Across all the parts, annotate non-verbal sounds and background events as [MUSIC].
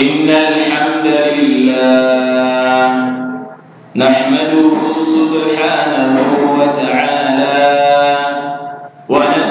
إن الحمد لله نحمده سبحانه وتعالى ونسأله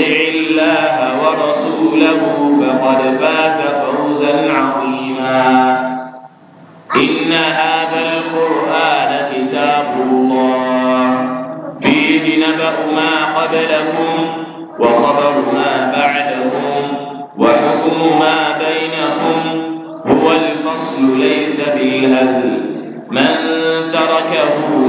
يطع الله ورسوله فقد فاز فوزا عظيما إن هذا القرآن كتاب الله فيه نبأ ما قبلهم وخبر ما بعدهم وحكم ما بينهم هو الفصل ليس بالهزل من تركه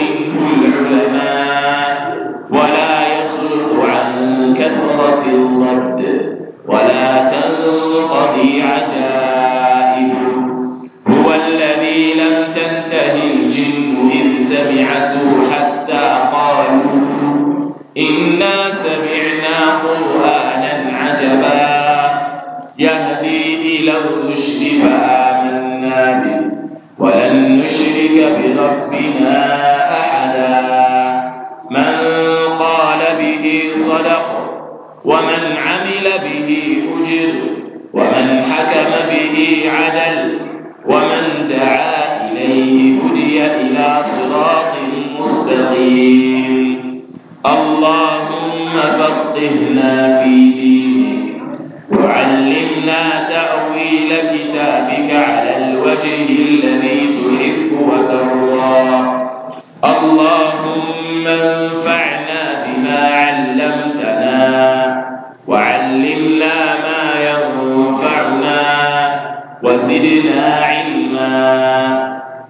ولا تنقضي عجائبه هو الذي لم تنتهي الجن إذ سمعته حتى قالوا إنا سمعنا قرآنا عجبا يهدي إلى الرشد فآمنا به ولن نشرك بربنا أحدا من قال به صدق ومن عمل عدل به أجر ومن حكم به عدل ومن دعا إليه هدي إلى صراط مستقيم اللهم فقهنا في دينك وعلمنا تأويل كتابك على الوجه الذي تحب وترضى اللهم انفعنا بما علمتنا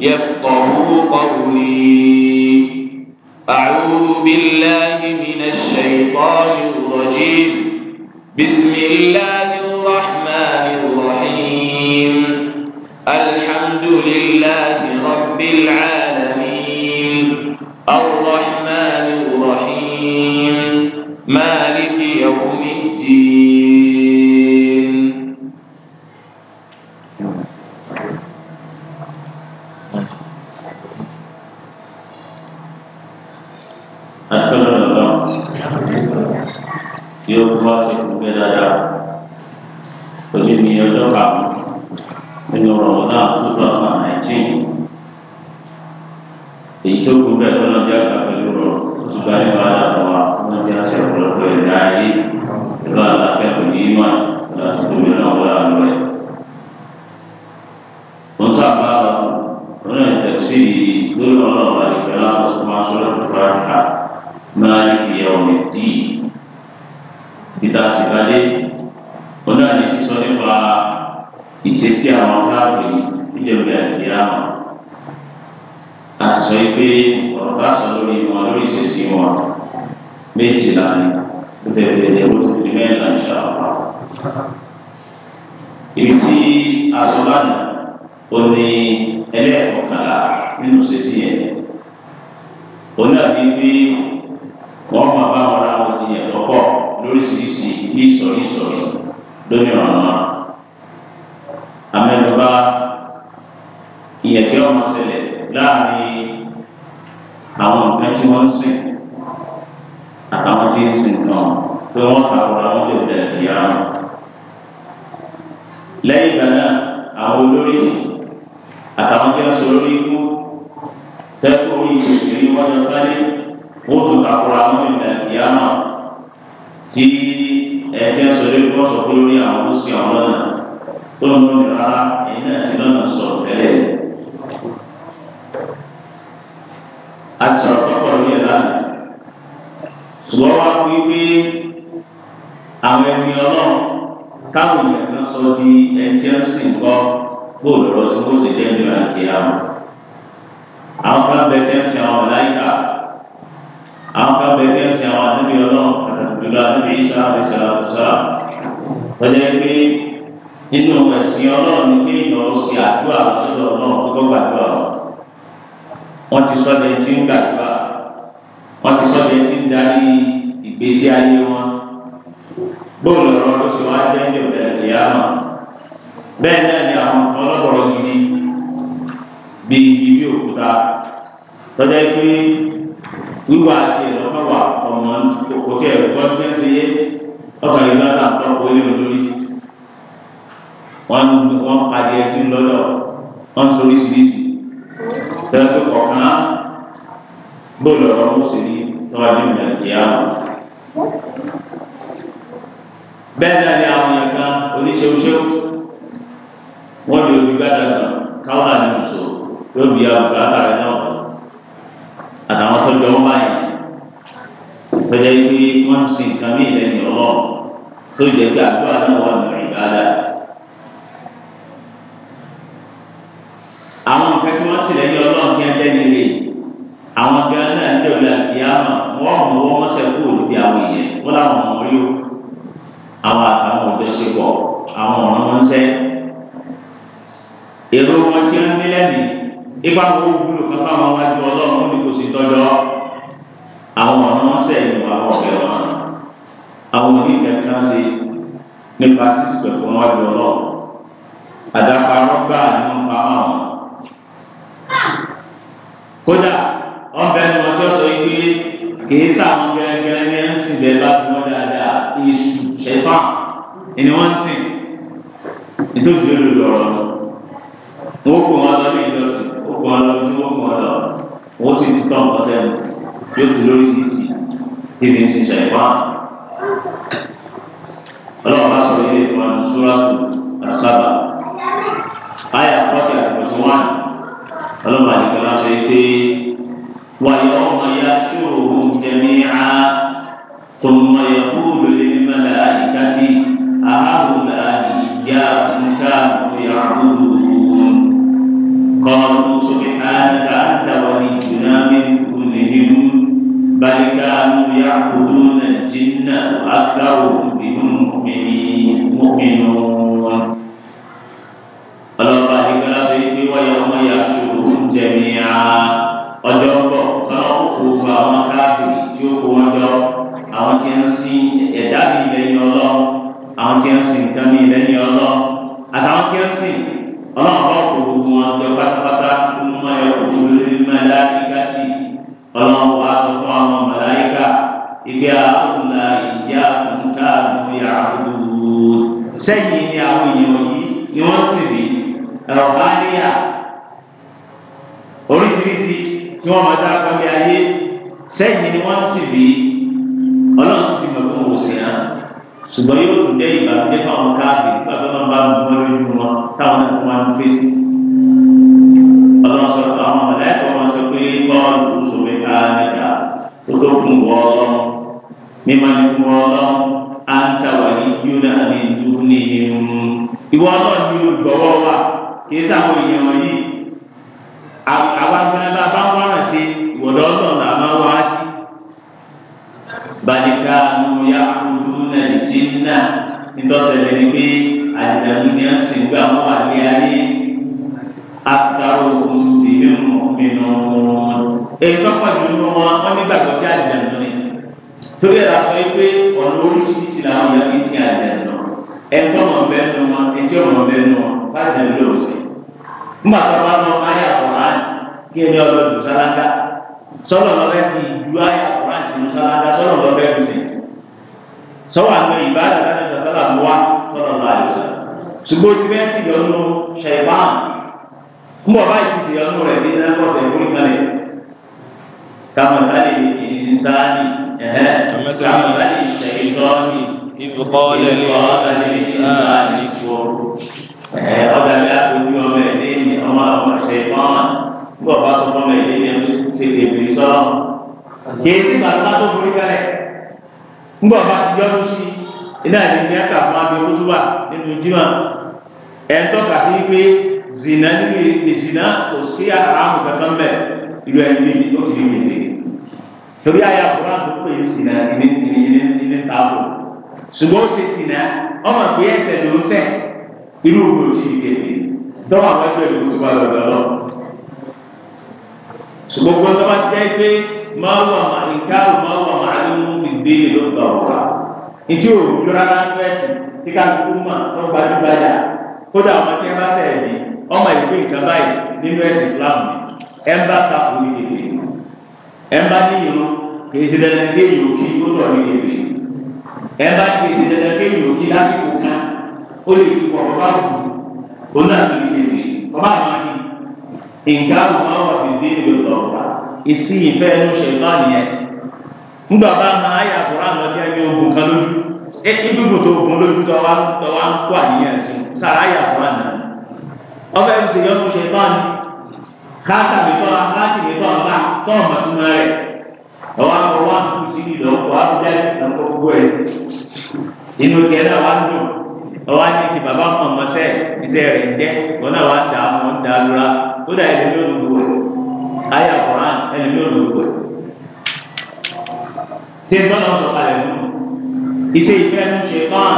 يفقهوا قولي أعوذ بالله من الشيطان الرجيم بسم الله الرحمن الرحيم الحمد لله رب العالمين الرحمن الرحيم مالك يوم الدين tó kú bẹ́ẹ̀ lọ́nà ìyẹn tí ọmọ ṣẹlẹ̀ láàrin àwọn nǹkan tí wọ́n ń sìn àtàwọn tí ń sìn kan pé wọ́n kàwọ́ àwọn lè bẹ̀rẹ̀ kí á mọ̀. lẹ́yìn ìgbà náà àwọn olórí àtàwọn tí wọ́n sọ lórí ikú tẹ́kọ̀ọ́ orí ìṣèlérí wọ́n jọ sáré wọ́n tún kàwọ́ àwọn lè bẹ̀rẹ̀ kí á mọ̀ tí ẹ̀ẹ́dẹ́gbẹ̀sọ̀rẹ́ kọ́ sọ pé lórí àwọn ó sì àwọn lọ́nà tó ń lọ́nà rárá ẹ̀yìn náà ti lọ́nà. àti sọ̀rọ̀ tó pọ̀ lórí ẹ̀ lánàá. ṣùgbọ́n wá pé pé àwọn ẹni ọlọ́run táwọn èèyàn kan sọ di ẹni tí wọ́n sì ń kọ́ bóòlù ọ̀rọ̀ tí wọ́n sì dé ìlú àti àwọn. àwọn kan bẹ tẹ́ ń sin àwọn ọ̀láyìká àwọn kan bẹ tẹ́ ń sin àwọn àdébí ọlọ́run àtàkùnjúlọ àdébí iṣẹ́ àwọn ìṣẹ̀lẹ̀ àtúnṣe tọ́jà pé nínú ẹ̀sìn ọlọ́run ní kéèyàn ó ṣe àdúrà lọ́sọ̀dọ̀ ọlọ́run tó gbàdúrà wọ́n ti sọ de ti ń gbàdúrà wọ́n ti sọ de ti ń darí ìgbésí ayé wọn bóòlù ọ̀rọ̀ ló sì wá jẹ́ ní ọ̀dẹ̀ ìyáàmà bẹ́ẹ̀ náà ni àwọn ọlọ́pọ̀lọ́ gidi bíi igi bíi òkúta tọ́jà pé wíwá àti ìrọ̀kọ̀wà ọ̀mọ̀ òkè ẹ̀kọ́ tí ń ṣe yé ọkàn yìí lọ́sà tọ́pọ̀ ilé olórí wọ́n ń pàdé ẹ̀sìn lọ́dọ̀ wọ́n ń sọ oríṣiríṣi tẹ́lifí kọ̀ọ̀kan gbọ́dọ̀ ọ̀rọ̀ mú sí ní tọ́wá ní ìmọ̀ ìyá wọn. bẹ́ẹ̀ náà ni àwọn yẹn kan oníṣẹ́wọ́ṣẹ́wọ́ wọ́n lè omi gbàdá nù káwọn àdìmọ̀ sọ yóò bí àwọn bàbá rẹ̀ náà sọ àtàwọn tó jọ wọ́n báyìí tọ́jà yìí wọ́n ń sin nǹkan ní ìlẹ̀ ìyọ̀ náà tó jẹ́ pé àdúrà náà wà nù ìbáda. sì lẹ́yìn ọlọ́run tí ń tẹ́ nílé àwọn gan náà ń dọ̀lá ìyáàmà wọ́n mú wọ́n sẹ́ kúrò níbi àwọn èèyàn wọ́n láwọn ọmọ rí o àwọn àtàwọn ọ̀dọ́ ṣe pọ̀ àwọn ọ̀ràn wọn sẹ́ èrò wọn tí ń nílẹ̀ ní ipa owó wúlò kan fáwọn wájú ọlọ́run ó ní kò sí tọ́jọ́ àwọn ọ̀ràn wọn sẹ́ ìlú àwọn ọ̀gẹ̀ wọn àwọn oníkẹ́ kan ṣe nípa kódà ọbẹ̀ ni wọ́n tọ́ sọ pé kìí sàwọn gẹ́gẹ́ ní ẹ̀ ń sìn bẹ́ẹ̀ bá fún ọ dáadáa èṣù ṣẹ̀fà ẹni wọ́n ń sìn nítorí lórí ọ̀rọ̀ wọn kò wọn lọ ní ìjọsìn ó kò wọn lọ tí wọ́n kò wọn lọ wọ́n sì ti tọ́ ọ̀pọ̀ sẹ́nu yóò tó lórí sísì tí mi ń sìn ṣẹ̀fà. aktaruhum bihim mu'minun. èyí tó pọ̀ jù nínú wọn wọ́n nígbàgbọ́ sí àjẹ̀nù ni torí ẹ̀rọ àfọ pé ọ̀nà oríṣiríṣi làwọn yẹn fi ti àjẹ̀nù ẹ̀tọ́ mọ̀ bẹ́ẹ̀ nù wọn etí ọ̀mọ̀ bẹ́ẹ̀ nù wọn bá jẹ̀nù lóhùn sí. nígbà tó bá mọ ayé àkùrán tí ẹni ọlọ́dún sálágá sọ́nà lọ́bẹ̀ ti ju ayé àkùrán sínú sálágá sọ́nà lọ́bẹ̀ ti sìn sọ́wọ́ àwọn ìbáraẹ̀ láti mbọ báyìí ti sèyàn nù rẹ ní iná kọsẹ ìwúrí kan lẹ kàmọ láti ìdísáàdì ẹhẹ kàmọ láti ìṣẹyìndọ́ọ̀nì ìfọkọ́lẹ̀ lọ́ọ̀dà ní ìdísáàdì tó ẹ ọ̀dà bí akójú ọmọ ẹ̀ lẹ́yìn ọmọ ọmọ ṣe mọ́ mbọ bá tó fọmọ ẹ̀ lẹ́yìn ẹ̀mí ṣe kébì sọ́ọ̀ kìí sí bàtà tó borí kalẹ̀ mbọ bá ti yọrù sí iná ìdíyàkà fún abẹ́ olódùbà nínú jimá ẹ̀ ń tọ́ka sí pé zina ni, zina kò sí àràmù kankan bẹ ìlú ẹni ní o ti di wèlé torí àyà kura tó pè é zina ní ní ní ní taabo ṣùgbọ́n ó ṣe zina ọmọ pé ẹsẹ̀ ló ń sẹ̀ ìlú kò sí ìkéde dọ́wọ́ àwọn ẹgbẹ́ ìlú tó bá lọ́dọ̀ lọ. ṣùgbọ́n gbọ́dọ̀ bá jẹ́ pé máa wà máa ní káàró máa wà máa ní mú ìdí ìlú gbà wá. ìdí òòjọ́ rárá ń fẹ́ sí tí ká ló kú mà tó gbajúgbajà kódà àwọn tí wọ́n bá sẹ̀ yìí ọmọ ìpè nǹkan báyìí nínú ẹ̀sìn Islam ẹ̀ ń bá ta òní èdè ẹ̀ ń bá ní irun kì í ṣe dandan kí èyí ò kí ó lọ ní èdè ẹ̀ ń bá kì í ṣe dandan kí èyí ò kí lásìkò kan ó lè fi pọ̀ bá wù ó náà ní èdè ọba àwọn kí nǹkan àwọn máa wà fi dé ìlú lọ́wọ́ ìsí ìfẹ́ ẹnu ṣe bá nìyẹn nígbà bá máa yà kúrò àwọn tí a ogun kan lójú ẹ ibùdó tó ogun lójú tó wá ń kó àníyàn sí sára yà kúrò àná ọbẹ̀ ti ṣe yọnu ṣe tán ni káàtà mi tọ́ láti mi tọ́ ọ̀la tọ́ ọ̀mọ̀ tó máa rẹ̀ ọwọ́ àwọn wá kú sí ní ìlọ́kọ̀ wá jẹ́ ìlọ́kọ̀ gbogbo ẹ̀ sí inú tiẹ̀ náà wá dùn ọwọ́ àti ti bàbá kan mọ́ sẹ́ iṣẹ́ rẹ̀ ń jẹ́ wọn náà wá dà á mọ́ ń dà á lura ó dà ẹni yóò dùn wẹ̀ ayé àkùrán ẹni yóò dùn wẹ̀ ṣé tọ́lọ́ sọ̀kalẹ̀ nù iṣẹ́ ìfẹ́ ń ṣe tán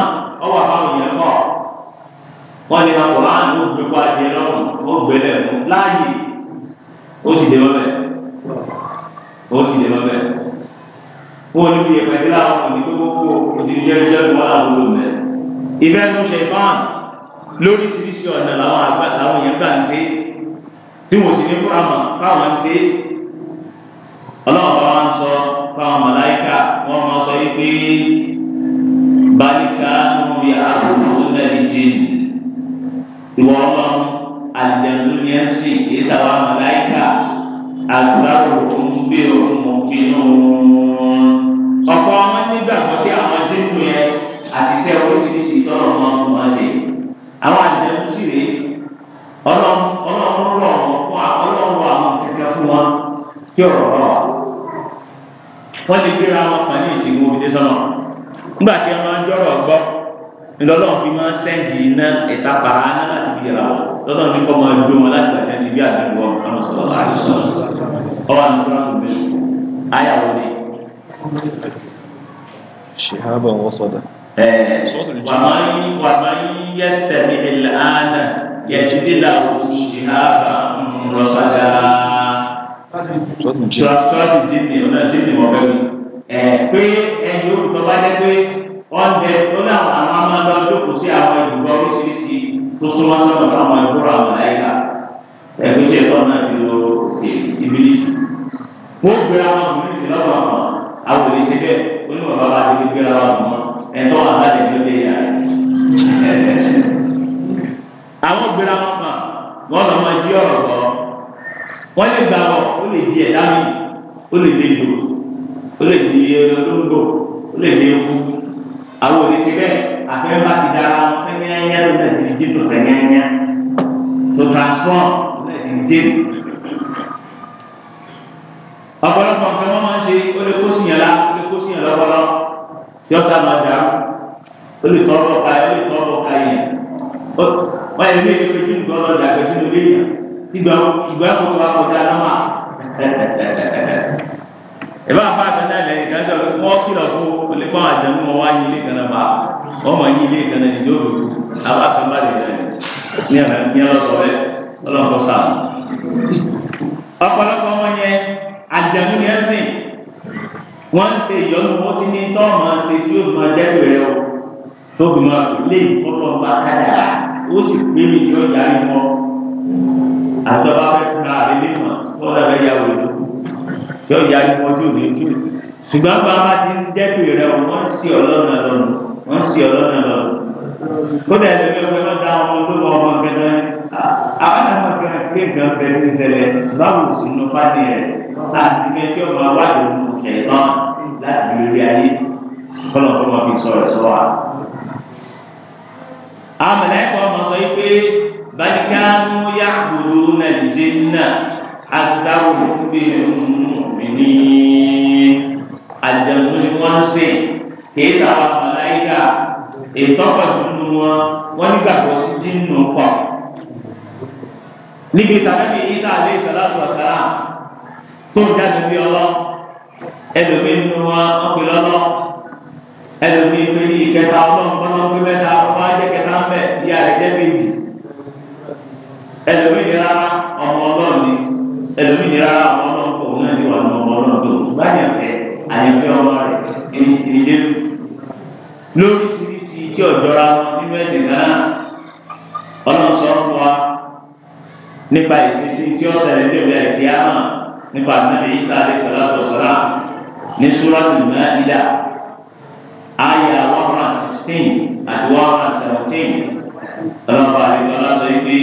ọwọ́ àbáwọn yẹn kọ́ wọ́n ní kakọ̀ láàánú gbogbo adìẹ lọ́rùn ó gbẹlẹ̀ mú láàyè ó sì dé lọ́bẹ̀ ó sì dé lọ́bẹ̀ wọ́n ní bí ẹ̀pẹ́ sí láwọn òní tó kókó òdìrí jẹ́rìjẹ́rì wọn làwọn olóò mẹ́. ìfẹ́ tó ṣe fáwọn lóríṣiríṣi ọ̀nà làwọn àgbà làwọn èèyàn gbà ń ṣe tí wọ́n sì ní fúra mọ̀ káwọn ń ṣe ọlọ́run bá wọn sọ fáwọn màláìkà wọ́n mọ sọ yìí pé bá ń rí àbùkù náà jíìnì ìwọ ọmọ àdìyànjú ni ẹ ń sìn kì í sábà màláìkà àgbáwò ń gbé òun pinnu ọkọ ọmọ nígbàgbọ́ sí àwọn adéhùn yẹn àti iṣẹ́ oríṣiríṣi tọ́lọ̀ ọmọ ọmọ wọn ṣe àwọn àdìyànjú sì rèé ọlọ́run rọ̀ wọ́n fún ọlọ́run rọ̀ àwọn kẹ̀kẹ́ fún wọn kí ọ̀rọ̀ rọ̀ wá wọ́n ti gbéra wọn pẹ̀lú ìsìnkú omi dé sọ́nà nígbà tí ọmọ ọjọ́ rọ̀ gbọ́ ńlọ́lọ́run fi máa ń sẹ́ǹdì iná ìta para iná láti bí ra lọ́lọ́run fi kọ́ máa gbé wọn láti gbàgbé ti bí àdúgbò ọ̀hún sọ̀rọ̀ láti sọ̀rọ̀ ọ̀rọ̀ àdúgbò mi ayàwó ni. شهابا وصدا ومن ومن يستمع الآن يجد له شهابا رصدا sọ́ọ̀tù jíìnì ọ̀nà jíìnì mọ̀gẹ́rì ẹ̀ pé ẹ̀yin olùkọ́ bá dẹ́ pé ọ̀dẹ lọ́dọ̀ àwọn àwọn amáńdá jókòó sí àwọn ìdúgbò oríṣiríṣi tó tún wá sọ̀rọ̀ àwọn ìbúra àmàlẹ́yà ẹgbẹ́ iṣẹ́ tó náà ti lo ìbílí. wọ́n gbé àwọn ọmọdé sí lọ́wọ́ àwọn àwọn oníṣẹ́ bẹ́ẹ̀ onímọ̀ bàbá àti gbígbé ara wọn mọ́ ẹ̀tọ́ àbájẹ ló dé yàrá. àwọn gbéra wọn kàn wọ́n lọ́ máa jí ọ̀rọ̀ gbọ́ wọ́n lè gbà wọ́ ó lè di ẹ̀dá mi ó lè di ìlú ó lè di olóńgbò ó lè di ewu àwọn òdìsí bẹ́ẹ̀ àfẹ́ bá ti dára wọn fẹ́ yányá ló náà ti di tó fẹ́ yányá tó transform ló náà ti dé. ọ̀pọ̀lọpọ̀ nǹkan wọ́n máa ń ṣe ó lè kó sìyàn lá ó lè kó sìyàn lọ́pọ̀lọ́ tí ọ̀tá máa dà ó lè tọ́ ọ̀rọ̀ ká ó lè tọ́ ọ̀rọ̀ ká yẹn. wọ́n yẹ bí ẹgbẹ́ tí nǹkan ọlọ́dà àgbẹ̀ sínú ilé yẹn tí ìgbà àkókò wa kọjá lọ́mà. ìbá àfáàfẹ́ kó a àjẹmú wọn wá yí ilé kan náà bá wọn mọ yí ilé kan náà níjó lòdù àbá kan bá lè rẹ ní ọ̀nà ní ọlọ́sọ rẹ ọlọ́kọ sáà. wọn yẹ àjẹmú yẹn sìn wọ́n ń ṣe ìyọnu wọn ti ní tí ó máa dẹ́rù rẹ o tó fi máa lé ìfọ́lọ́ bá kájà ó sì gbé mi tí ó yá ìmọ̀ àtọ́bá fẹ́ fúnra a lé mọ̀ tó dàbẹ́ yà wò lóko tí ó yá ìmọ̀ tí ò ní tó ṣùgbọ́n bàbá ti ń dẹ́kun rẹ̀ wọ́n sì ọlọ́nà lọ́nà wọ́n sì ọlọ́nà lọ́nà kódà ẹ̀sìn pé wọ́n dá ọmọ olówó ọmọ kẹta àwọn àwọn kan gbé gan bẹ ní ìṣẹ̀lẹ̀ báwo sì ló bá ní ẹ láti gbé kí ọmọ awádìí ọmọ kẹyìn náà láti lórí ayé kọlọ̀ kọlọ̀ fi sọ̀rọ̀ sọ wa. àmàlẹ́kọ̀ ọmọ sọ pé balikanu yà kúrú nàìjíríà àtàwọn òkúté ọmọ mi ní àjẹmú ni wọ́n ń sè kìí sábà màláyíkà ìtọ́pọ̀ dúdú wọn wọ́n nígbàgbọ́ sí dínú pọ̀. níbi tàbí Isa alayhi salatu wa salam tó ń jáde bí ọlọ́ ẹlòmíín nínú wọn wọ́n pè lọ́lọ́ ẹlòmíín pé ní ìkẹta ọlọ́run kọ́nà pé mẹ́ta ọba jẹ́ kẹta ń bẹ̀ ìyá rẹ̀ jẹ́ méjì ẹlòmíín ní rárá ọmọ ọlọ́run ni ẹlòmíín ní rárá ọmọ ọlọ́run kò wọ́n náà ti wà ní ọmọ ọlọ́run tó báyìí àyànfẹ́ ọmọ rẹ̀ ìdílé lóríṣiríṣi tí ọ̀jọ́ra nínú ẹ̀sìn náà ọlọ́sọ fún wa nípa ìṣesí tí ó ṣẹlẹ̀ níbi ẹ̀kí àmà nípa àtúndì Isa alayhi salatu wa salam ní Suratul Ma'idah àyà one hundred and sixteen àti one hundred and seventeen ọlọ́pàá àdìgbò aláṣọ ìgbé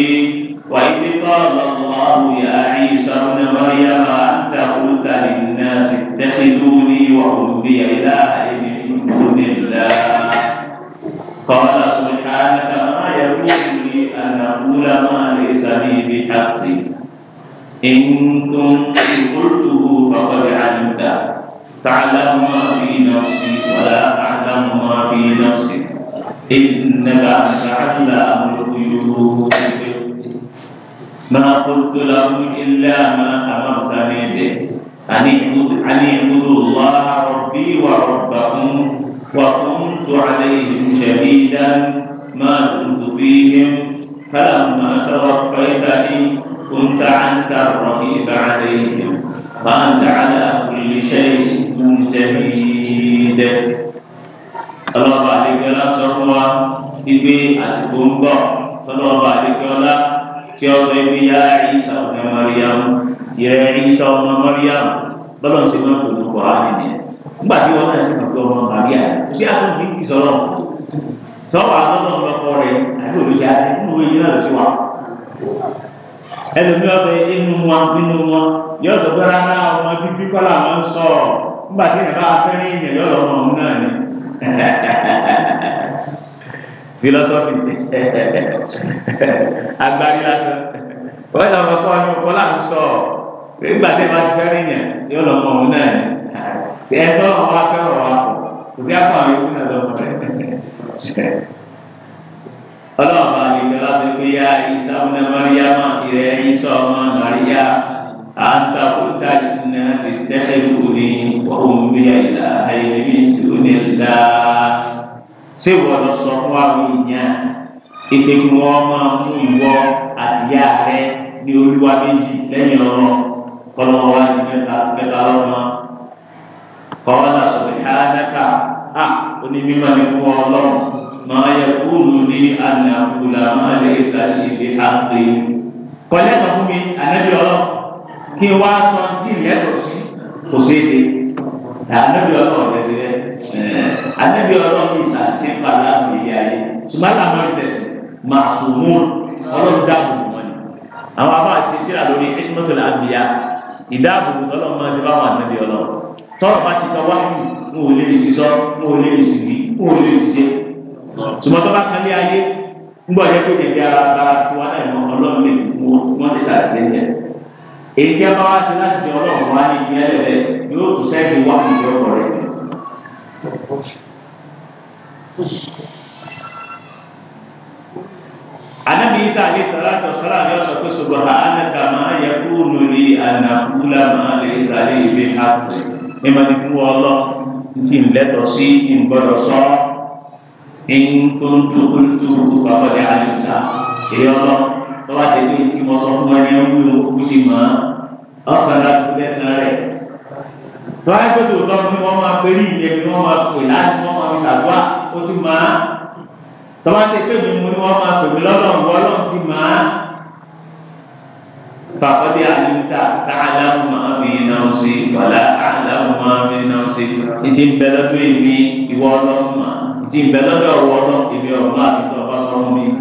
وإذ قال الله يا عيسى ابن مريم أنت قلت للناس اتخذوني وعبدي إله من دون الله قال سبحانك ما يكون لي أن أقول ما ليس لي بحق إن كنت قلته فقد علمته تعلم ما في نفسي ولا أعلم ما في نفسك إنك أنت علام الغيوب ما قلت له إلا ما أمرتني به أني اعبدوا الله ربي وربكم وكنت عليهم شهيدا ما كنت فيهم فلما توفيتني كنت أنت الرقيب عليهم وأنت على كل شيء شهيد الله عليك لا سروا إبي أسكن بو الله عليك لا كيوم يا عيسى ابن مريم ìrẹ́ ìṣọ́ ọmọ mọ́ríyàmù bọ́lọ̀ ṣe máa ń kó lóko àwọn ènìyàn nígbà tí wọ́n náà sì máa gbé ọmọ màríà kò sí àtúntò bí ti sọ̀rọ̀ sọ́wọ́ àtọ́nà ọlọ́kọ rẹ̀ àti òrìṣà nínú owó yìí náà ló ti wà. ẹlòmíì ọ̀sẹ̀ inú wọn nínú wọn yóò sọ pé rárá ọmọ bíbí kọ́lá máa ń sọ̀rọ̀ nígbà tí ìrìn bá fẹ́rẹ́ ìyẹn yóò lọ́mọ òun náà ni. filosofi [LAUGHS] [LAUGHS] agbárí lásán wọ́n yà wọ́n kọ́ ọ̀nà kọ́lá ń nígbà tí wọ́n ti fẹ́ rí yẹn yóò lọ mọ òun náà yẹn ẹ tọ́ ọ̀rọ̀ wa fẹ́ ọ̀rọ̀ wa kọ̀ kò sí àpò àwọn ikú náà lọ́mọ rẹ̀. ọlọ́ọ̀bà nìkan láti pé ya ìsáwọn mariama ìrẹ́ ìsọ ọmọ maria àǹtà kúta nà sí tẹ́lẹ̀ kù ní ọ̀hún bí àyìnlá àyẹ̀mí ìdúnilá. ṣé wọ́n lọ sọ fún àwọn èèyàn ìpè kí mú ìwọ àtìyá rẹ ní olúwa méjì lẹ́yìn ọ̀rọ̀ kọlọ́wọ́ wá ní mẹ́ta mẹ́ta lọ́mọ. kọ́lá subhanaka a ah, onímọ̀ ní fún ọlọ́run máa yẹ kúlù ní ànàkùlà máa lè ṣàṣìlè àpè. kọ́lẹ́ sọ fún mi ànábì ọlọ́run kí n wá sọ tí ìlẹ́tọ̀ sí kò ṣeé ṣe. ànábì ọlọ́run ọ̀dẹ̀ ṣe rẹ̀ ànábì ọlọ́run ìṣàṣẹ́ pàlà ìyá yẹn ṣùgbọ́n àlàmọ́ ìtẹ̀sí màṣùmùn ọlọ́run dáàbò wọn ni. àwọn abáàṣe tíra lórí ẹ̀ṣin mọ́tò làbíyá ìdáàbòbò tọ́lọ̀ máa ṣe báwọn ànábì ọlọ́run tọ́lọ̀ bá ti tọwá mú ò lè sísọ mú ò lè sì mú ò lè sì jẹ ṣùgbọ́n tó bá kan lé ayé ńgbọ́ yẹ kó jẹ̀bi ara ara tó wá náà ìmọ̀ ọlọ́run lè mú wọn ti ṣàṣẹ èyí tí a bá wá sí láti ṣe ọlọ́run wá ní ìdílé rẹ yóò tún sẹ́yìn wá ìjọba àlẹ́ ìgbé àpè ẹ máa ti kú ọlọ́ ti ń lẹ́tọ̀ sí ìgbọ́dọ̀ sọ ẹ̀yìn tó ń tó ń tó bàbá rẹ̀ àlùkà èyí ọlọ́ tọ́wọ́ àtẹ̀lé tí mo sọ fún ẹni ọ̀hún ló kú sí mọ́ ọ̀sán láti lẹ́sìn rẹ̀ tọ́wọ́ àti tó tọ́ fún wọn máa péré ìyẹn ni ti pé mi mo ní wọ́n máa pè mí lọ́dọ̀ ọ̀gbọ́n ọlọ́run ti máa. فقد علمت تعلم ما في نفسي ولا أعلم ما في نفسي إتم بلد إمي إوالهم إتم بلد أوالهم إبي الله تبصرني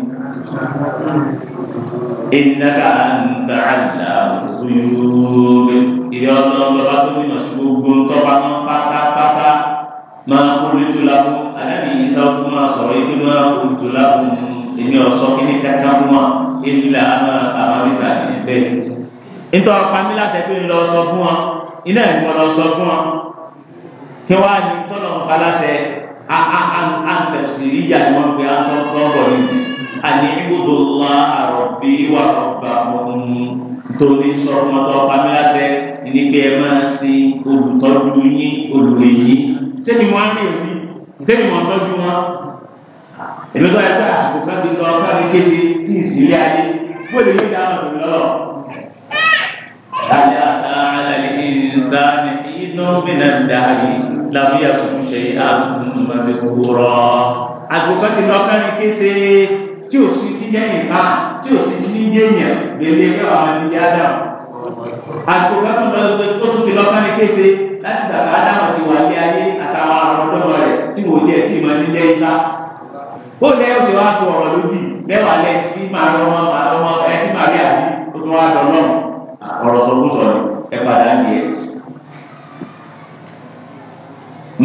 إنك أنت علام الغيوب إذا الله تبصرني مسبوب طبعا فتا فتا ما قلت لهم أنا بإيسا ما صريت ما قلت لهم إني أصبحت كتابا ilà àwọn ìgbà ìgbẹ́. nítorí ọ̀pá mi láti ẹgbẹ́ ńlọ sọ fún wọn iná ìwọ lọ sọ fún wọn kí wọ́n á ní tọ́lọ̀ ń paláṣẹ àǹtẹ̀sìrì ìyá ni wọ́n gbé àtọ́gbọ̀ ni àní ibùdó ńlá àròbí wà ọ̀gbà ọ̀hún torí sọ fún ọtọ́ ọ̀pá mi láti ẹni pé ẹ máa sin olùtọ́jú yín olùwé yín sẹ́ni wọ́n á ní èmi sẹ́ni wọ́n tọ́jú wọn èmi tó yẹ àsìkò kan ti tí ì sí ilé ayé bó lè lóde àwọn òbí lọ́rọ̀. Láyé àtà àlàyé ìsá ni inú mìíràn dàrí lábíyà fún ṣe àmúmọ̀bí kúrọ̀. Àgùkọ́ ti lọ́kàn ní kése tí ò sí ti yẹ́yìn ká tí ò sí ti yẹ́yìn lélẹ̀ pé àwọn ti yá dà. Àgùkọ́ tó lọ tó ti lọ́kàn ní kése láti bàbá Ádámù ti wà ní ayé àtàwọn àrùn ọ̀dọ́ rẹ̀ tí wò jẹ́ tí ìmọ̀ ní yẹ́yìn ká. Ó lẹ́yìn ó sì tó ọ̀rọ̀ lójú lẹ́wàá lẹ tí màá lọ mọ màá lọ mọ ẹ tí màá rí àbí tó tún wá lọ náà ọ̀rọ̀ sọ̀rọ̀ sọ̀rọ̀ ẹ padà ní ẹ.